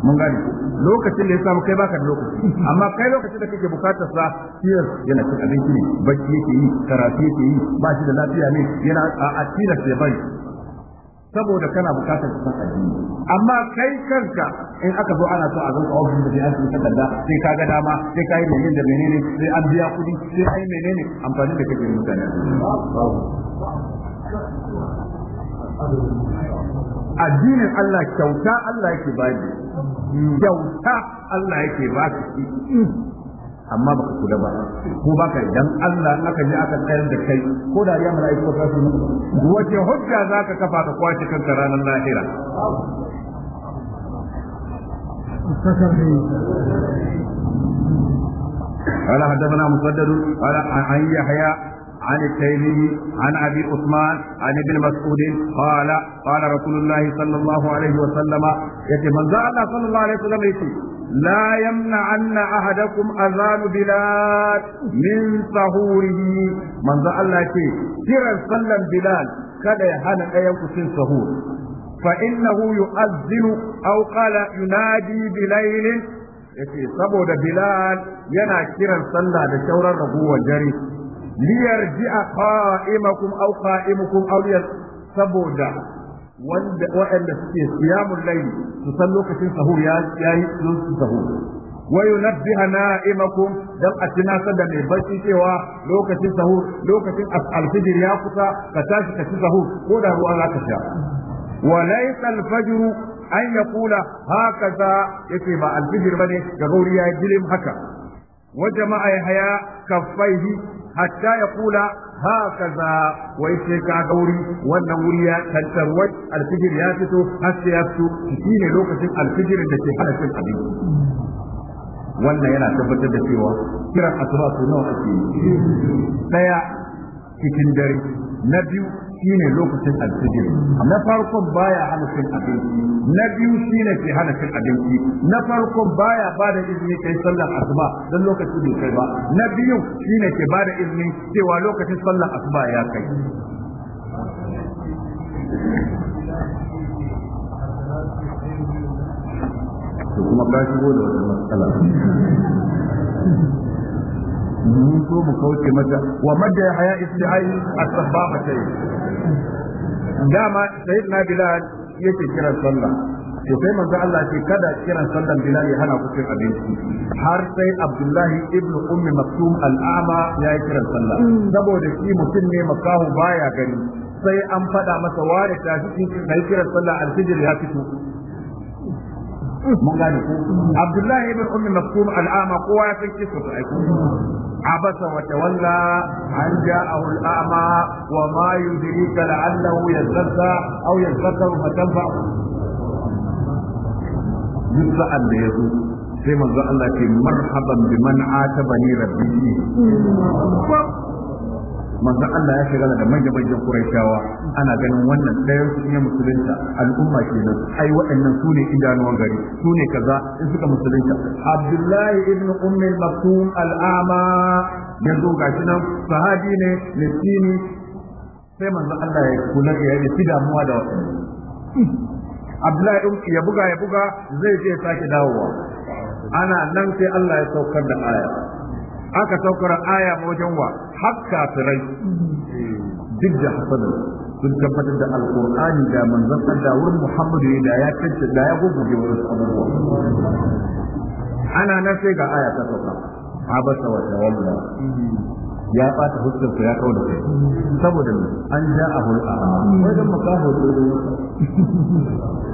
mun gane lokacin da ya samu kai baka da lokaci amma kai lokacin da kake bukatar sa siyar yana cin abinci ne bacci yake yi karatu yake yi ba shi da lafiya ne yana a atira sai bai saboda kana bukatar ka amma kai kanka in aka zo ana so a zo ofis da an san takarda sai ka ga dama sai ka yi menene da menene sai an biya kudi sai ai menene amfani da kake mutane addinin Allah kyauta Allah yake bani kyauta Allah yake ba shi amma baka kula ba ko baka idan Allah aka je aka tsayar da kai ko da ya mala'iku ko kasu wace hujja zaka kafa ka kwace kanka ranar lahira قال حدثنا مسدد قال عن يحيى عن التيمي عن أبي عثمان عن ابن مسعود قال قال رسول الله صلى الله عليه وسلم يتي من الله صلى الله عليه وسلم يتي لا يمنعن أحدكم أذان بلال من سهوره من الله يتي كرا صلى بلال كذا يهانا أيوك في سهور فإنه يؤذن أو قال ينادي بليل yace saboda Bilal yana kiran sallah da shauran raguwar dare liyarji'a qa'imakum aw qa'imukum aw saboda waɗanda suke siyamul layli su san lokacin sahur ya yayi su sahur wa yunabbiha na'imakum dan atina sada mai barci cewa lokacin sahur lokacin alfijir ya kusa ka tashi ka ci sahur ko da ruwa za ka sha wa laysa alfajr an yaqula hakaza yace ba alfijir bane ga gauri ya jilim haka wa jama'a yahya kaffaihi hatta ya kula za wai sai ka gauri wannan wuri ya tantarwai alfijir ya fito har sai ya fito ne lokacin alfijir da ke hana cin abinci wannan yana tabbatar da cewa kiran asuba su nawa ake yi daya cikin dare na biyu shine lokacin alfijir na farkon baya hana cin abinci na biyu shine ke hana cin abinci na farkon baya ba da izini kai sallar asuba don lokaci bai kai ba na biyu shine ke ba da izini cewa lokacin sallar asuba ya kai kuma ka shigo da wata matsala mun so mu kauce mata wa madda ya haya isti'ai as-sabahatay dama sayyidina bilal yake kira sallah to sai manzo Allah ce kada kiran sallan bilal ya hana ku cin abinci har sai abdullahi ibn ummi maktum al-a'ma ya yi kiran sallah saboda shi mutum ne makahu baya gani sai an faɗa masa ware ta cikin kai kiran sallah al-fijr ya fito mun gane ku Abdullahi ibn Ummi Maktum al'ama kowa ya san kisa su ake abasa wa tawalla an ja'ahu al'ama wa ma yudrika la'allahu yazakka aw yazakkaru fatanfa duk sa'an da ya zo sai manzo Allah ke marhaban bi man atabani rabbi manzon Allah ya shiga da manyan manyan Qurayshawa ana ganin wannan ɗayan su ne musulunta al'umma kenan ai waɗannan su ne idanuwan gari su ne kaza in suka musulunta Abdullahi ibn Ummi al-Maktum al-Ama yanzu gashi nan sahabi ne miskini sai manzon Allah ya kula ya fi damuwa da wasu Abdullahi umm ya buga ya buga zai je sake dawowa ana nan sai Allah ya saukar da aya aka saukar aya wajen wa hakka kafirai duk da hasanin sun tabbatar da alkur'ani da manzon Allah wurin Muhammadu da ya tace da ya gogoge wurin abubuwa ana nan sai ga aya ta sauka abasa wa tawalla ya bata hujjar ya kawo da kai saboda an ja a hulka wajen makaho da wani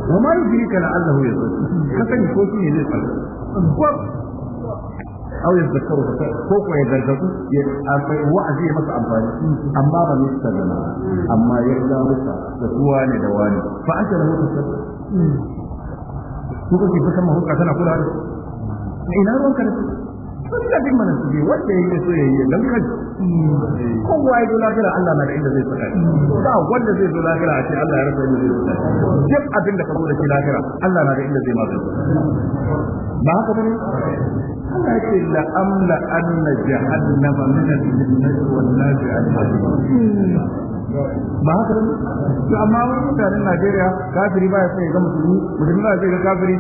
wa ma yudrika la allahu yasud kasani ko shi ne zai aw yadhakkaru fa ko ko ya gargadu ya wa'azi ya masa amfani amma ba ne ta gana amma ya ga masa da suwa da wani fa aka da ko da ina ruwan karatu sun tafi mana su biyu wanda yake so ya yi dan kan kowa ya zo lafiya Allah na da inda zai saka ba wanda zai zo lafiya a ce Allah ya rasa inda zai saka duk abin da ka zo da shi lafiya Allah na da inda zai maka ba haka bane Allah ce la amla anna jahannama min al-jinnati wan nasi ajma'in ba haka ne to amma wani mutanen Najeriya kafiri ba ya sai ga musulmi musulmi ba sai ga kafiri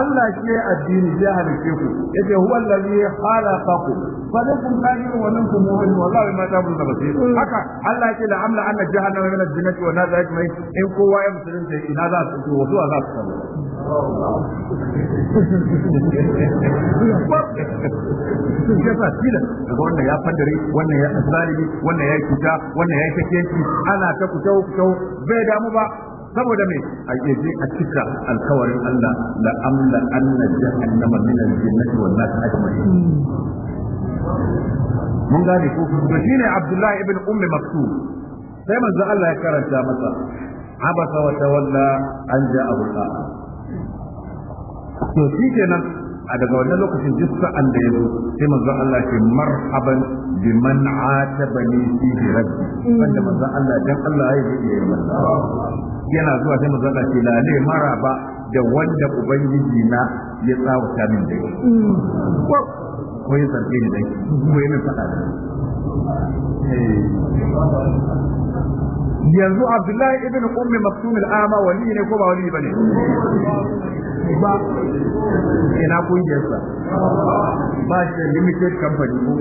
Allah ke addini ya halice ku yace huwa allazi khalaqakum fa lakum kafir wa lakum mu'min wallahi ma ta buza basir haka Allah ke la'amla anna jahannama min al-jannati wa nazat mai in kowa ya musulunta ina za su wato za su ya sa tilas daga wannan ya fadari wannan ya zalimi wannan ya cuta, wannan ya kake shi ana ta kutau kutau bai damu ba saboda me a je a cika alkawarin Allah la amla anna jahannama min al-jannati wan nas ajma'in mun gane ko to shine Abdullah ibn Ummi Maktum sai manzo Allah ya karanta masa abasa wa tawalla an ja'a to shi kenan a daga wannan lokacin duk an da yanzu sai manzon Allah ke marhaban bi man atabani fi rabbi wanda manzon Allah dan Allah ya yi yana zuwa sai manzon Allah ce lale maraba da wanda ubangiji na ya tsawata min da mm. ko ya zarge ni dai ko ya min faɗa yanzu abdullahi ibn ummi maktum al'ama wali ne ko ba wali bane ba ina kungiyarsa ba shi limited company ko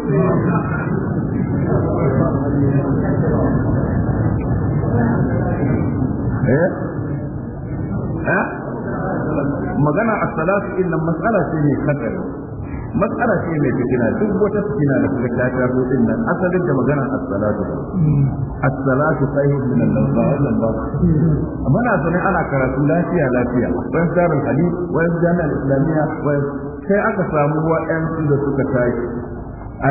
eh eh magana as-salatu illa mas'ala ce ne kadari matsala ce mai fitina duk wata fitina da kuka ta ta din nan asalin da magana as-salatu as-salatu sahih min al al Allah amma na sanin ana karatu lafiya lafiya wa darul hadith wa jami'a islamiyya wa sai aka samu wa'ansu da suka tashi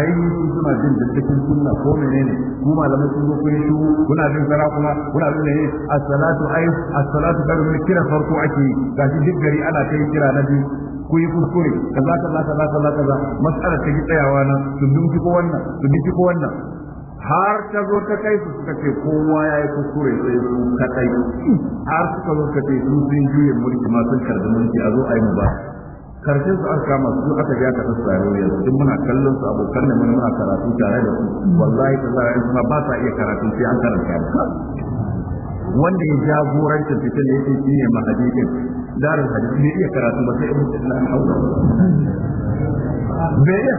ai suna jin da cikin sunna ko menene Kuma malamai sun zo ku yi kuna jin sarakuna kuna jin ne as-salatu ai as-salatu kar mun kira farko ake gashi duk gari ana kai kira na biyu ku yi kuskure za ka za ka za. mas'alar ta ki tsayawa nan su bi ko wannan su bi ko wannan har ta zo ta kai su suka ce kowa ya yi kuskure sai su kadai har suka zo ka ce su sun juye mulki ma sun karbi mulki a zo a yi mu ba karshen su aka kama su aka ja ka tsaro yanzu duk muna kallon su abokan ne mun muna karatu tare da su wallahi ta zara kuma ba sa iya karatu sai an karanta wanda ya jagorancin fitin da yake ne mahadin darul bai iya karatu ba sai ibnu bai iya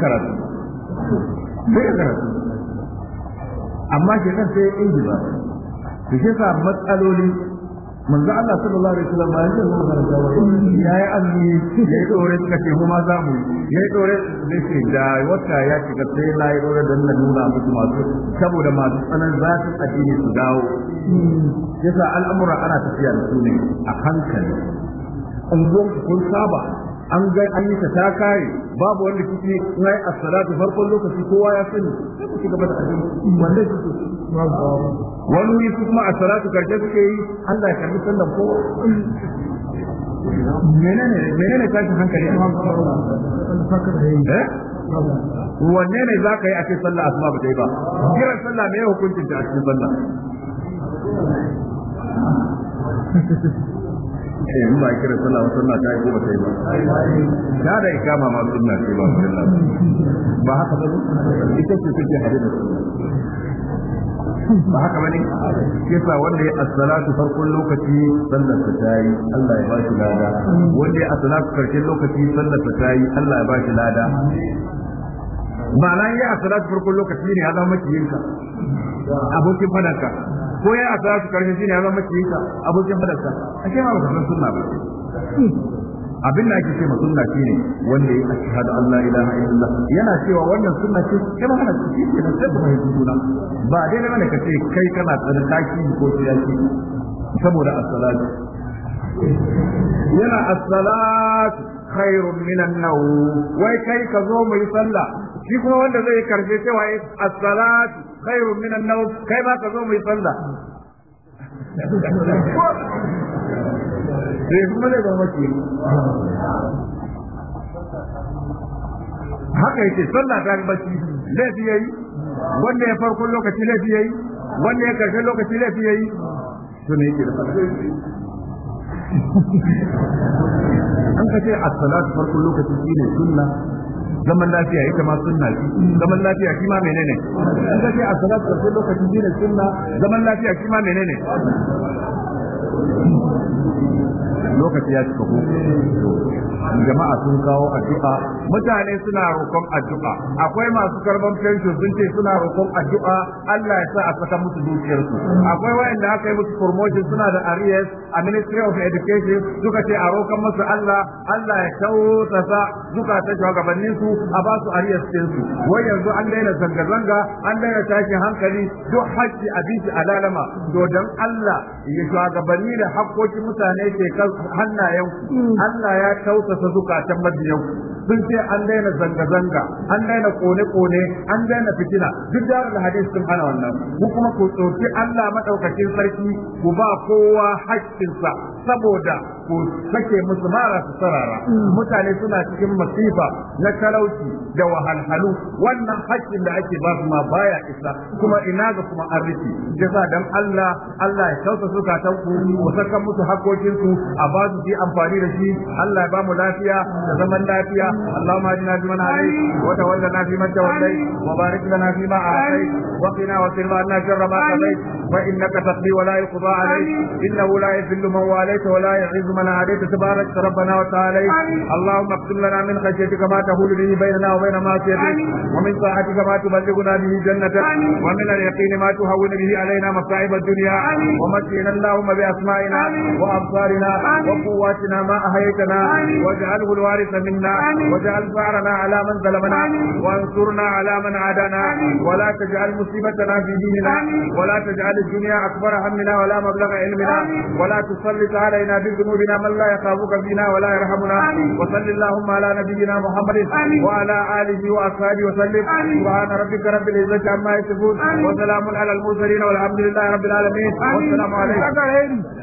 karatu bai iya karatu amma ke sai inji ba sa matsaloli manzo Allah sallallahu alaihi wasallam ba ya zama karanta ba yayi azumi yayi dore suka ce mu ma za mu yayi dore ne ce da wata ya shiga sai na yi dore dan na nuna musu masu saboda masu tsanan su addini su dawo yasa al'amura ana tafiya da su ne a hankali unguwar kun saba an ga an yi ta kare babu wanda kike na yi as-salatu farkon lokaci kowa ya sani sai ku ci gaba da abin wanda kike wani wuri su kuma as-salatu karshe suke yi Allah ya karbi sallan ko menene menene tashin hankali eh? wanne ne za ka yi a cikin sallah asma ba ta yi ba kiran sallah ne hukuncin ta a cikin sallah eh in ba kira sallah wa sunna ta yi ba sai ba ta da ikama ma sunna ce ba ba haka ba ne? ita ce take hadisi ba haka ba ne? yasa wanda ya as-salatu farkon lokaci sallar ta tayi Allah ya ba shi lada wanda ya as-salatu karshen lokaci sallar ta tayi Allah ya ba shi lada ma'ana ya as-salatu farkon lokaci ne ya zama makiyinka abokin fadanka ko ya asara su karshen shine ya zama kiyinka abokin fadarsa ashe ma baka san sunna ba abin da ake ce ma sunna shine wanda ya ashhadu an la ilaha illallah yana cewa wannan sunna ce kai ma kana ciki ne sai ba yi sunna ba dai ne ka ce kai kana tsarkaki ko tsiyaki saboda as-salatu yana as-salatu khairun minan nawm wai kai ka zo mu yi sallah shi kuma wanda zai karfe cewa eh, as-salatu khairun minan nawm kai ma ka zo mu yi sallah sai eh, kuma da mamaki haka yake sallah ta bacci laifi yayi wanda ya farko lokaci laifi yayi wanda ya karshe lokaci laifi yayi to ne yake da an ka ce as-salatu farkon lokaci shine sunna zaman lafiya ita ma sunna ce zaman lafiya shi ma menene ga shi a da sai lokacin dinin sunna zaman lafiya shi ma menene lokaci ya cika ko jama'a sun kawo addu'a mutane suna roƙon addu'a akwai masu karban pension sun ce suna roƙon addu'a Allah ya sa a saka musu dukiyarsu akwai wayanda aka yi musu promotion suna da arrears a Ministry of Education suka ce a roƙon musu Allah Allah ya kauta sa duka ta shugabannin su a ba su arrears din su wai yanzu an daina zanga zanga an daina tashin hankali duk hakki a bishi a lalama to Allah ya shugabanni da hakkokin mutane ke kan hannayen hmm. Allah ya kauta tausasa zukatan yau sun ce an daina zanga-zanga an daina kone-kone an daina fitina duk da hadis sun hana wannan ku kuma ku tsoki Allah madaukakin sarki ku ba kowa haƙƙinsa saboda ku sake musu mara su sarara mutane suna cikin masifa na talauci da wahalhalu wannan haƙƙin da ake ba su ma baya isa kuma ina ga kuma arziki yasa dan Allah Allah ya tausasa zukatan ku ku saka musu haƙoƙin su a ba su amfani da shi Allah ya ba mu lafiya da zaman lafiya Allahumma ajina fi man hadai wa tawallana fi man tawallai wa barik lana fi ma atai wa qina wa anna innaka taqdi wa la yuqda alayk innahu la yadhillu man wa la yu'izzu man adait tabarak rabbana wa ta'ala اقسم لنا من خشيتك ما تحول به بيننا وبين معصيتك ومن طاعتك ما تبلغنا به جنتك ومن اليقين ما تهون به علينا مصائب الدنيا ومتعنا اللهم وقواتنا ما واجعله الوارث منا واجعل فارنا على من ظلمنا وانصرنا على من عادانا ولا تجعل مصيبتنا في ديننا ولا تجعل الدنيا أكبر همنا ولا مبلغ علمنا ولا تسلط علينا بذنوبنا من لا يخافك فينا ولا يرحمنا وصل اللهم على نبينا محمد وعلى آله وأصحابه وسلم سبحان ربك رب العزة عما يصفون وسلام على المرسلين والحمد لله رب العالمين والسلام عليكم